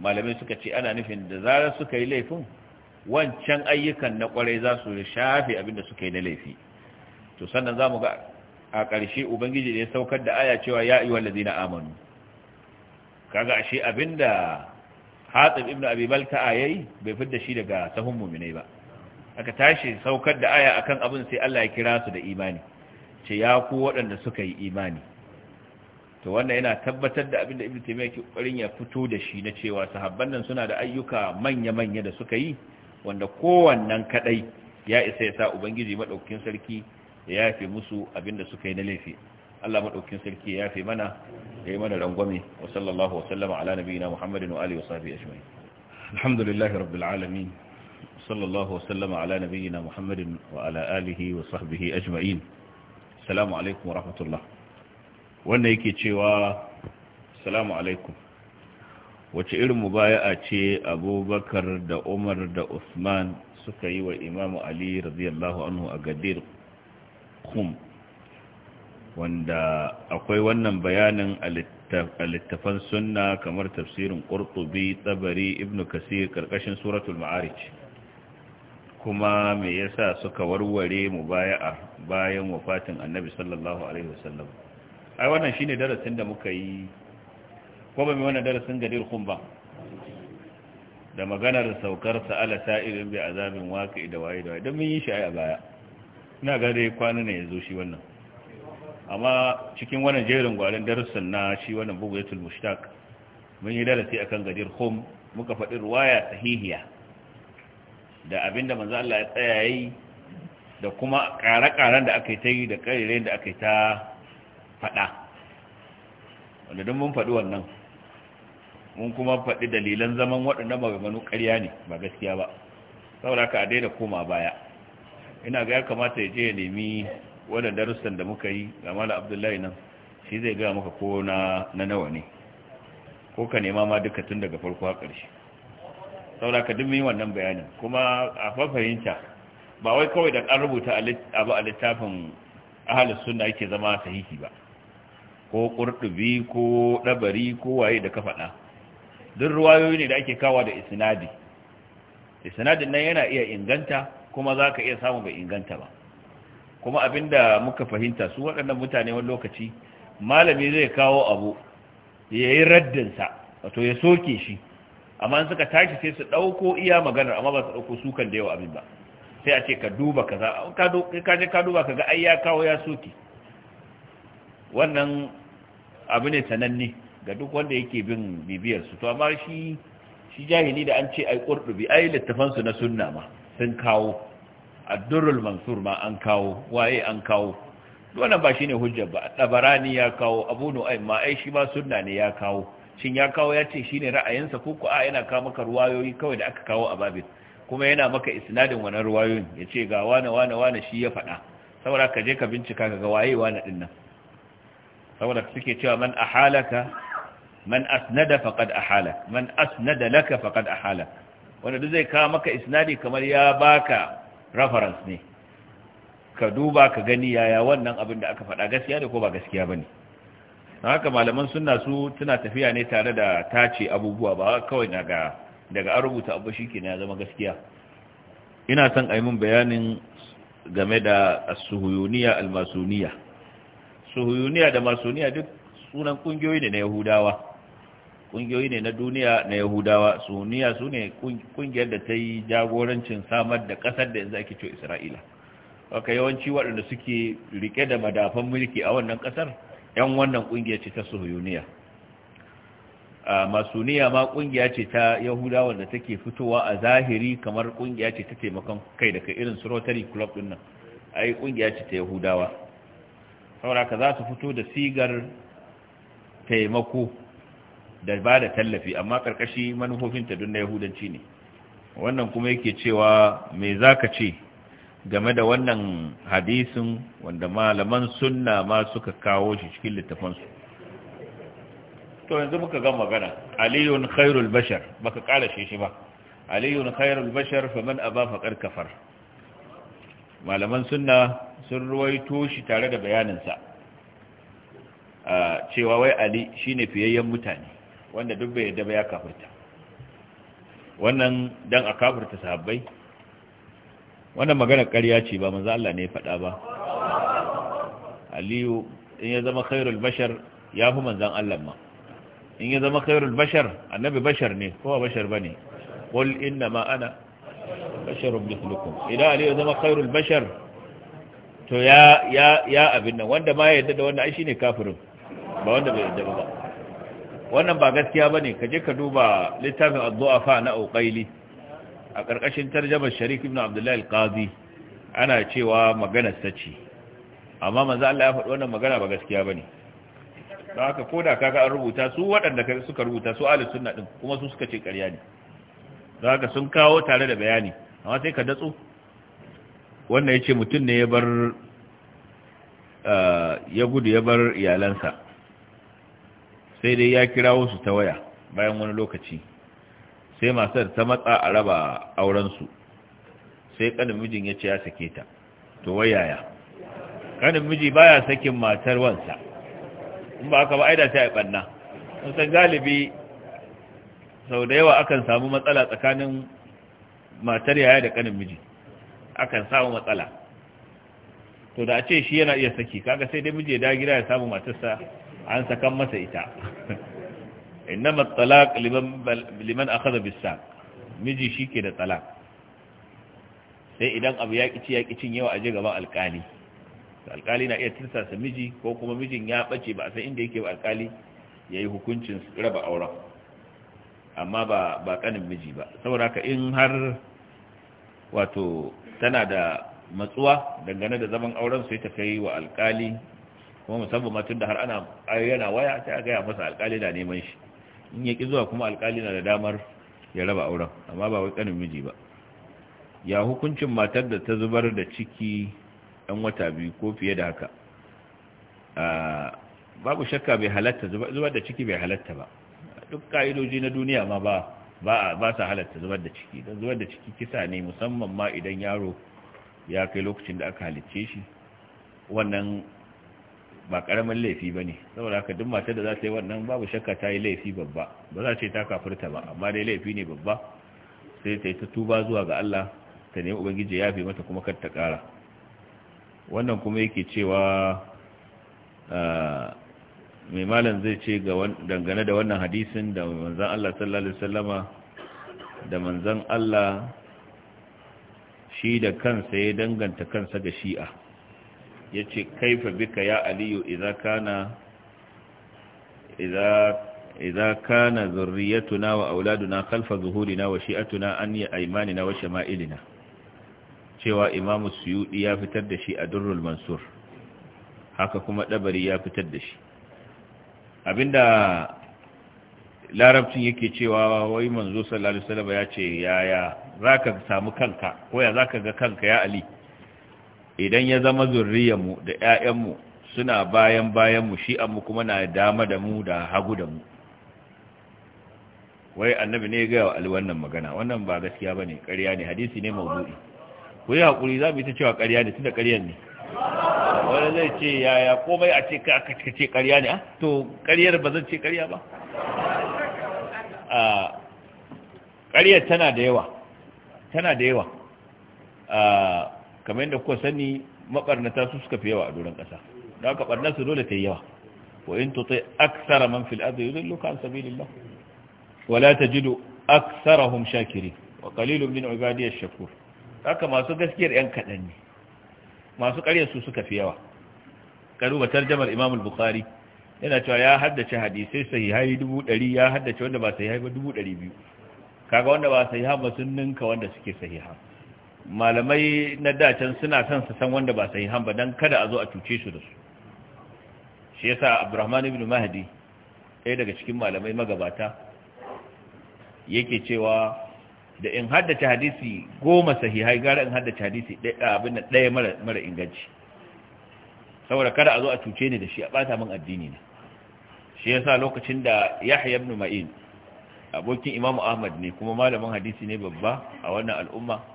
malamai suka ce ana nufin da zarar suka yi laifin wancan ayyukan na kwarai za su shafe abinda suka yi na laifi to sannan zamu ga a ƙarshe ubangiji ne ya saukar da aya cewa ya yi ayyuhal ladina amanu kaga ashe abinda hatsin ibn Abi Balta yayi bai da shi daga sahun mu'minai ba aka tashi saukar da aya akan abin sai Allah ya kira su da imani ce ya ku waɗanda suka yi imani to wannan yana tabbatar da abinda Ibn Taymiyyah ke ƙoƙarin ya fito da shi na cewa sahabban nan suna da ayyuka manya-manya da suka yi wanda kowannan kaɗai ya isa ya sa Ubangiji maɗaukin sarki ya fi musu abinda suka yi na laifi Allah madaukakin sarki ya fi mana ya yi mana rangwame wa sallallahu wa sallama ala nabiyina Muhammadin wa alihi wa sahbihi ajma'in alhamdulillahi rabbil alamin sallallahu wa sallama ala nabiyina Muhammadin wa ala alihi wa sahbihi ajma'in assalamu alaikum wa rahmatullah wannan yake cewa salamu alaikum wace irin mubaya'a ce abubakar da umar da usman suka yi wa imamu ali radiyallahu anhu a gadir kum wanda akwai wannan bayanin a littafan sunna kamar tafsirin ƙurtubi tsabari ibn kasir ƙarƙashin suratul ma'arij kuma me yasa suka warware mu baya bayan wafatin annabi sallallahu alaihi wasallam ai wannan shine darasin da muka yi ko ba mai wannan darasin gadir khum ba da maganar saukar sa'ala sa'irin bi azabin waqi da waye da waye don mun yi shi a baya ina ga dai kwana ne yanzu shi wannan amma cikin wannan jerin gwarin darussan na shi wannan bugu ya bugayatul mushtaq mun yi darasi akan gadir khum muka faɗi ruwaya sahihiya da abinda manzo Allah ya tsaya yayi da kuma ƙare-ƙaren da aka yi ta yi da ƙarirai da aka yi ta faɗa wanda don mun faɗi wannan mun kuma faɗi dalilan zaman waɗanda manu ƙarya ne ba gaskiya ba saboda ka daina koma baya ina ga ya kamata ya je ya nemi wannan darussan da muka yi ga malam abdullahi nan shi zai ga maka ko na nawa ne ko ka nema ma duka tun daga farko har ƙarshe saboda ka duk wannan bayanin kuma a fahimta ba wai kawai da an rubuta abu a littafin ahalin sunna yake zama sahihi ba ko ƙurɗubi ko ɗabari ko waye da kafaɗa. faɗa duk ruwayoyi ne da ake kawa da isnadi isnadin nan yana iya inganta kuma za ka iya samun bai inganta ba kuma abin da muka fahimta su waɗannan mutane wani lokaci malami zai kawo abu ya yi raddinsa wato ya soke shi amma suka tashi sai su ɗauko iya maganar amma ba su ɗauko sukan da yawa abin ba sai a ce ka duba ka za ka ka duba ka ga ai ya kawo ya soke wannan abu ne sananne ga duk wanda yake bin bibiyarsu to amma shi shi jahili da an ce ai ƙurɗubi ai littafansu na sunna ma sun kawo addurul mansur ma an kawo waye an kawo wannan ba shine hujja ba dabarani ya kawo abu ai ma ai shi ba sunna ne ya kawo shin ya kawo ya ce shine ra'ayinsa ko ko a yana kawo maka ruwayoyi kawai da aka kawo a babin kuma yana maka isnadin wannan ruwayoyin ce ga wane wane wane shi ya faɗa saboda ka je ka bincika ka ga waye wane din nan saboda suke cewa man ahalaka man asnada faqad ahalak man asnada laka faqad ahalak wanda duk zai kawo maka isnadi kamar ya baka reference ne ka duba ka gani yaya wannan abin da aka faɗa gaskiya da ko ba gaskiya ba ne haka malaman sunna su tana tafiya ne tare da tace abubuwa ba kawai daga daga an rubuta abu shi ya zama gaskiya ina son a yi min bayanin game da suhuyuniya almasuniya suhuyuniya da masuniya duk sunan ƙungiyoyi ne na yahudawa kungiyoyi ne na duniya na yahudawa suniya su ne kungiyar da ta yi jagorancin samar da kasar da yanzu ake ce isra'ila haka yawanci waɗanda suke rike da madafan mulki a wannan kasar yan wannan kungiya ce ta suhuyuniya a masuniya ma kungiya ce ta yahudawa da take fitowa a zahiri kamar kungiya ce ta taimakon kai daga irin su rotary club din nan ai kungiya ce ta yahudawa saboda ka za su fito da sigar taimako da ba da tallafi amma karkashi manufofin ta na yahudanci ne wannan kuma yake cewa me ka ce game da wannan hadisin wanda malaman sunna ma suka kawo shi cikin littafansu to yanzu muka ga magana aliyun khairul bashar baka kara shi shi ba aliyun khairul bashar man aba faqad kafar malaman sunna sun ruwaito shi tare da bayaninsa ah, cewa wai ali shine fiyayyen mutane wanda duk bai yarda ba ya kafirta wannan dan a kafirta sahabbai wannan magana ƙarya ce ba manzo Allah ne ya faɗa ba Aliyu in ya zama khairul bashar ya fi manzan Allah ma in ya zama khairul bashar annabi bashar ne kowa bashar bane qul inna ma ana basharun mithlukum idan Aliyu ya zama khairul bashar to ya ya ya abin nan wanda ma ya yarda da wannan ai shine kafirin ba wanda bai yarda ba wannan ba gaskiya bane ka je ka duba littafin addu'afa na uqaili a karkashin tarjabar sharif ibn abdullahi al-qazi ana cewa magana sace amma manzo Allah ya faɗi wannan magana ba gaskiya bane don haka koda ga an rubuta su waɗanda suka rubuta su ahlus sunna din kuma su suka ce ƙarya ne don haka sun kawo tare da bayani amma sai ka datsu wannan yace mutum ne ya bar eh, ya gudu ya bar iyalansa sai dai ya kirawo su ta waya bayan wani lokaci sai masar ta matsa a raba aurensu sai kanin mijin ya ce ya sake ta to wayaya kanin miji baya sakin matar wansa in ba aka ba aida ta yi ɓanna san galibi sau da yawa akan samu matsala tsakanin matar yaya da kanin miji akan samu matsala to da a ce shi yana iya saki kaga sai dai miji ya da gida ya samu matarsa an sakan masa ita innama talaq liman liman akhadha bisa, miji shi ke da talaq sai idan abu ya kici ya kicin yawa aje gaban alkali alkali na iya tinsasa miji ko kuma mijin ya bace ba a san inda yake ba alkali yayi hukuncin raba auren amma ba ba kanin miji ba saboda ka in har wato tana da matsuwa dangane da zaman auren sai ta kai wa alkali kuma musamman ma tun da har ana yana waya sai a gaya masa alkali na neman shi in ya ƙi zuwa kuma alkali na da damar ya raba auren amma ba wai kanin miji ba ya hukuncin matar da ta zubar da ciki yan wata biyu ko fiye da haka babu shakka bai halatta zubar da ciki bai halatta ba duk ka'idoji na duniya ma ba ba sa halatta zubar da ciki don zubar da ciki kisa ne musamman ma idan yaro ya kai lokacin da aka halicce shi wannan ba karamin laifi ba ne saboda haka duk matar da za ta yi wannan babu shakka ta yi laifi babba ba za ce ta kafirta ba amma dai laifi ne babba sai ta yi ta tuba zuwa ga Allah ta nemi ubangiji ya fi mata kuma kar ta kara wannan kuma yake cewa mai malam zai ce dangane da wannan hadisin da manzan Allah sallallahu alaihi wasallama da manzan Allah shi da kansa ya danganta kansa ga shi'a ya ce kaifa bika ya aliyu idza kana idza idza kana zurriyatuna wa auladuna khalfa zuhurina wa shi'atuna an ya na wa shama'ilina cewa imamu suyudi ya fitar da shi a durrul mansur haka kuma dabari ya fitar da shi abinda larabcin yake cewa wai manzo sallallahu alaihi wasallam ya ce yaya zaka samu kanka ko ya zaka ga kanka ya ali idan ya zama zurriyanmu da 'ya'yanmu suna bayan bayanmu shi'anmu kuma na dama da mu da hagu da mu wai annabi ne ya gaya wa wannan magana wannan ba gaskiya ba ne ƙarya ne hadisi ne maudu'i ku yi haƙuri za mu ita ta cewa ƙarya ne tun da ƙaryar ne wani zai ce yaya komai a ce ka ce ƙarya ne ah, to ƙaryar ba zan ce ƙarya ba ƙaryar tana da yawa tana da yawa kamar yadda kuka sani maɓarnata su suka fi yawa a doron ƙasa da aka barna su dole ta yi yawa wa in tuti aksara man fil ardi yudilluka an sabilillah wa la tajidu aksarahum shakirin wa qalilun min ibadiy ash-shakur haka masu gaskiyar yan kadan ne masu ƙarya su suka fi yawa karuba tarjamar Imam bukhari yana cewa ya haddace hadisai sahihai ɗari, ya haddace wanda ba sahihai ba dubu ɗari biyu. kaga wanda ba sahiha ba sun ninka wanda suke sahiha malamai na dacen suna son su san wanda ba sahihan ba dan kada a zo a cuce su da su shi yasa Abdurrahman ibn Mahdi ɗaya daga cikin malamai magabata yake cewa da in haddace hadisi goma sahihai gara in haddace hadisi abin da ɗaya mara inganci saboda kada a zo a cuce ni da shi a ɓata min addini ne shi yasa lokacin da Yahya ibn Ma'in abokin Imam Ahmad ne kuma malamin hadisi ne babba a wannan al'umma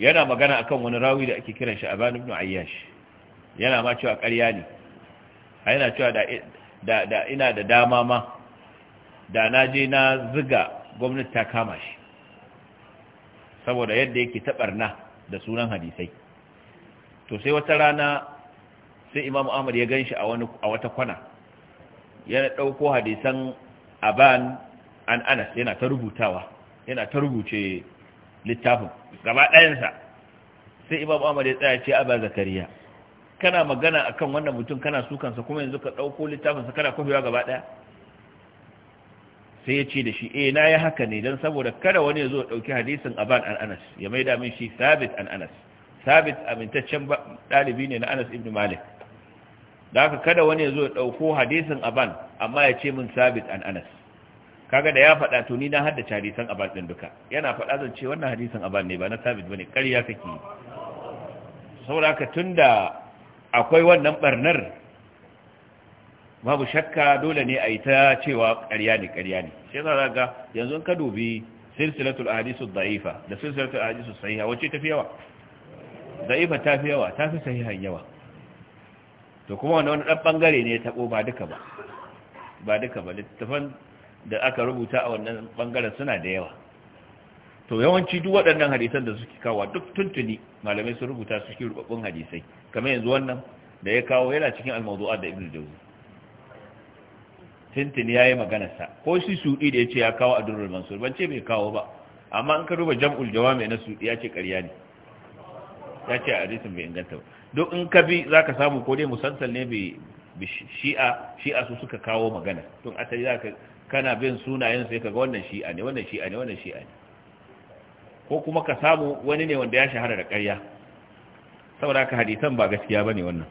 yana magana akan wani rawi da ake kiran shi Aban ibn Ayyash yana ma cewa ƙarya ne A yana cewa da ina da dama ma da na je na ziga gwamnati ta kama shi saboda yadda yake taɓarna da sunan hadisai to sai wata rana sai Imam Ahmad ya ganshi a a wata kwana yana ɗauko hadisan Aban an Anas yana ta rubutawa yana ta rubuce littafin gaba ɗayansa sai imam ahmad ya tsaya ce aba zakariya kana magana a kan wannan mutum kana sukansa kuma yanzu ka ɗauko littafinsa kana kofewa gaba ɗaya sai ya ce da shi eh na yi haka ne don saboda kada wani ya zo ya ɗauki hadisin aban an anas ya mai damin shi sabit an anas sabit amintaccen ɗalibi ne na anas ibn malik da haka kada wani ya zo ya ɗauko hadisin aban amma ya ce min sabit an anas kaga da ya faɗa to ni na haddace hadisan abal ɗin duka yana faɗa zan ce wannan hadisan abar ne ba na sabit bane ƙarya kake saboda ka tunda akwai wannan barnar babu shakka dole ne a yi ta cewa ƙarya ne ƙarya ne shi za a ga yanzu ka dubi silsilatul ahadisu da'ifa da silsilatul ahadisu sahiha wacce ta fi yawa da'ifa ta fi yawa ta fi sahihan yawa to kuma wani wani ɗan ɓangare ne ya taɓo ba duka ba ba duka ba littafan da aka rubuta a wannan bangaren suna da yawa to yawanci duk waɗannan hadisan da suke kawo duk tuntuni malamai sun rubuta su cikin rubabbun hadisai kamar yanzu wannan da ya kawo yana cikin almawdu'at da ibnu jawzi tuntuni yayi magana sa ko shi sudi da yace ya kawo adurrul mansur ban ce bai kawo ba amma an ka duba jam'ul jawami na ya yace ƙarya ne Ya a hadisin bai inganta ba duk in ka bi zaka samu ko dai musansal ne bai shi'a shi'a su suka kawo magana tun asali zaka kana bin sunayen sai kaga wannan shi'a ne wannan shi'a ne wannan shi'a ne ko kuma ka samu wani ne wanda ya shahara da ƙarya saboda ka hadisan ba gaskiya ba ne wannan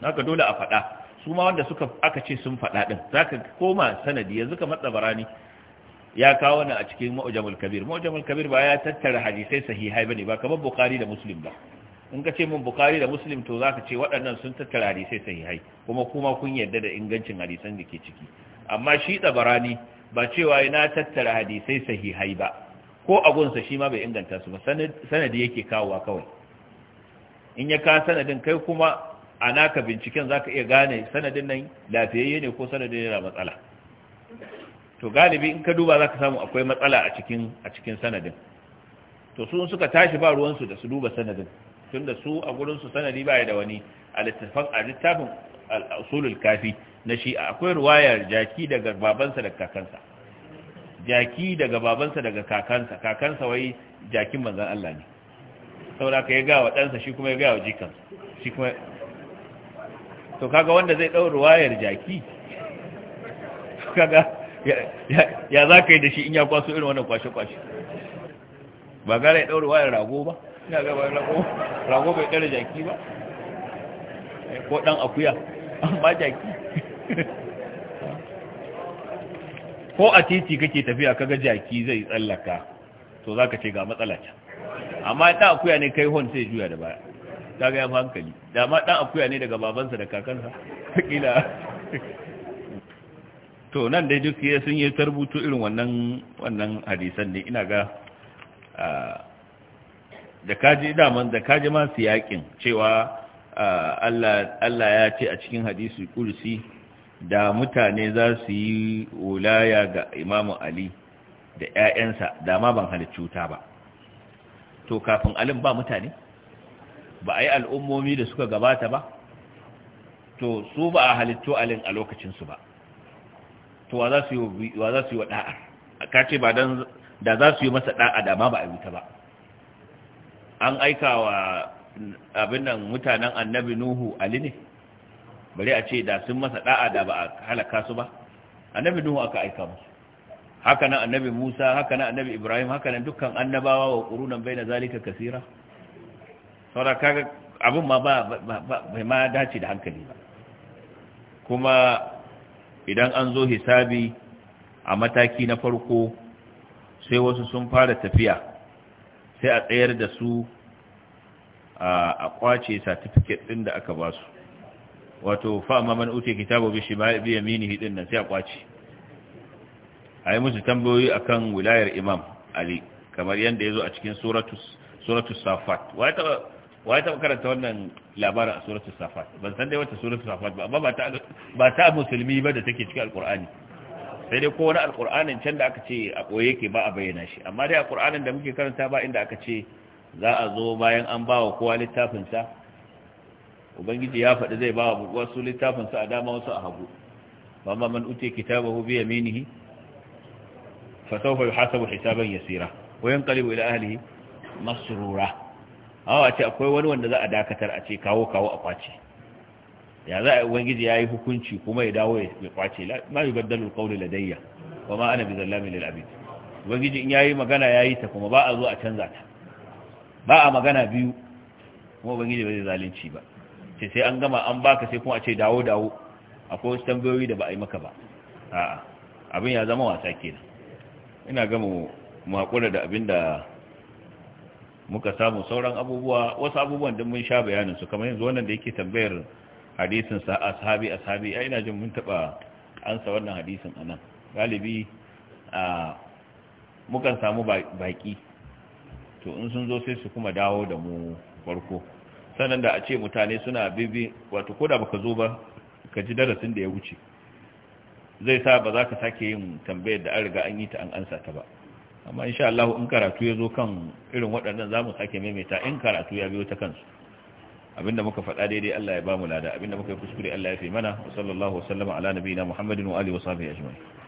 naka dole a faɗa su ma wanda suka aka ce sun faɗa za ka koma sanadi yanzu ka matsa barani ya kawo wani a cikin ma'ujamul kabir ma'ujamul kabir ba ya tattara hadisai sahihai ne ba kamar bukhari da muslim ba in ka ce mun bukari da muslim to za ka ce waɗannan sun tattara hadisai sahihai kuma kuma kun yarda da ingancin hadisan da ke ciki amma shi tabarani ba cewa yana tattara hadisai sahihai ba ko agunsa shi ma bai inganta su ba sanadi yake kawowa kawai in ya ka sanadin kai kuma a naka binciken zaka iya gane sanadin nan lafiyayye ne ko sanadin yana matsala to galibi in ka duba zaka samu akwai matsala a cikin a sanadin to su suka tashi ba ruwansu da su duba sanadin tunda su a gurinsu sanadi ba da wani a littafin usulul kafi na shi akwai ruwayar jaki daga babansa daga kakansa jaki daga babansa daga kakansa kakansa wai jakin manzan Allah ne saboda ka ya ga wa ɗansa shi kuma ya ga wa jikan shi kuma to kaga wanda zai ɗau ruwayar jaki kaga ya za ka yi da shi in ya kwaso irin wannan kwashe-kwashe ba gara ya ɗau ruwayar rago ba ina ga bayan rago rago bai ɗara jaki ba eh, ko ɗan akuya ba jaki ko a titi kake tafiya kaga jaki zai tsallaka to zaka ce ga matsala ta amma dan akuya ne kai hon sai juya da baya kaga ya hankali da ma dan akuya ne daga babansa da kakansa kila to nan dai duk sun yi tarbuto irin wannan wannan hadisan ne ina ga da kaji daman da kaji ma su yakin cewa Allah ya ce a cikin hadisi kursi da mutane za su yi wulaya ga imamu ali da 'ya'yansa da ma ban halicci wuta ba to kafin alin ba mutane ba a yi al'ummomi da suka gabata ba to su ba a halittu alin a lokacinsu ba to wa za su yi wa ɗa'a A kace ba don da za su yi masa ɗa'a da ma ba a yi wuta ba an aika wa abin nan mutanen annabi nuhu ali ne Bari a ce da sun masa da'a da ba a halaka su ba annabi nuhu aka aika musu haka nan annabi musa haka nan annabi ibrahim haka nan dukkan annabawa wa qurunan baina zalika kasira. saboda kaga abin ma ba bai ma dace da hankali ba kuma idan an zo hisabi a mataki na farko sai wasu sun fara tafiya sai a tsayar da su a kwace certificate din da aka ba su wato fa amma man uti kitabu bi biya bi yaminihi din nan sai a kwace ayi musu tambayoyi a kan wilayar imam ali kamar yanda yazo a cikin suratu safat wai ta karanta wannan labarin a suratu safat ban san dai wata suratu safat ba amma ba ta musulmi ba da take cikin alqur'ani sai dai kowane alqur'anin can da aka ce a koye yake ba a bayyana shi amma dai alqur'anin da muke karanta ba inda aka ce za a zo bayan an ba wa kowa littafinsa ubangiji ya faɗi zai ba wa wasu littafinsu a dama wasu a hagu ma man kitaba hu biya minihi fa sawfa yuhasabu hisaban yasira wa yanqalibu ila ahlihi masrura awa ce akwai wani wanda za a dakatar a ce kawo kawo a kwace ya za a ubangiji yayi hukunci kuma ya dawo ya kwace ma yubaddalu alqawlu ladayya wa ma ana bizallamin lil abid ubangiji in yayi magana yayi ta kuma ba a zo a canza ta ba a magana biyu kuma ubangiji ba zai zalunci ba ce sai an gama an baka sai kuma a ce dawo dawo akwai wasu tambayoyi da ba a yi maka ba a'a abin ya zama wasa kenan ina gama mu da abin da muka samu sauran abubuwa wasu abubuwan din mun sha bayanin su kamar yanzu wannan da yake tambayar hadisin sa ashabi ashabi ai ina jin mun taba ansa wannan hadisin anan galibi a mukan samu baki to in sun zo sai su kuma dawo da mu farko sanan da a ce mutane suna bibi wato ko baka zo ba ka ji darasin da ya wuce zai sa ba za ka sake yin tambayar da an riga an yi ta an ansa ta ba amma insha Allah in karatu ya zo kan irin waɗannan zamu mu sake maimaita in karatu ya biyo ta kansu abinda muka faɗa daidai Allah ya ba lada abinda muka yi kuskure Allah ya fi mana wa sallallahu wa sallama ala nabiyina Muhammadin wa alihi wa sahbihi ajma'in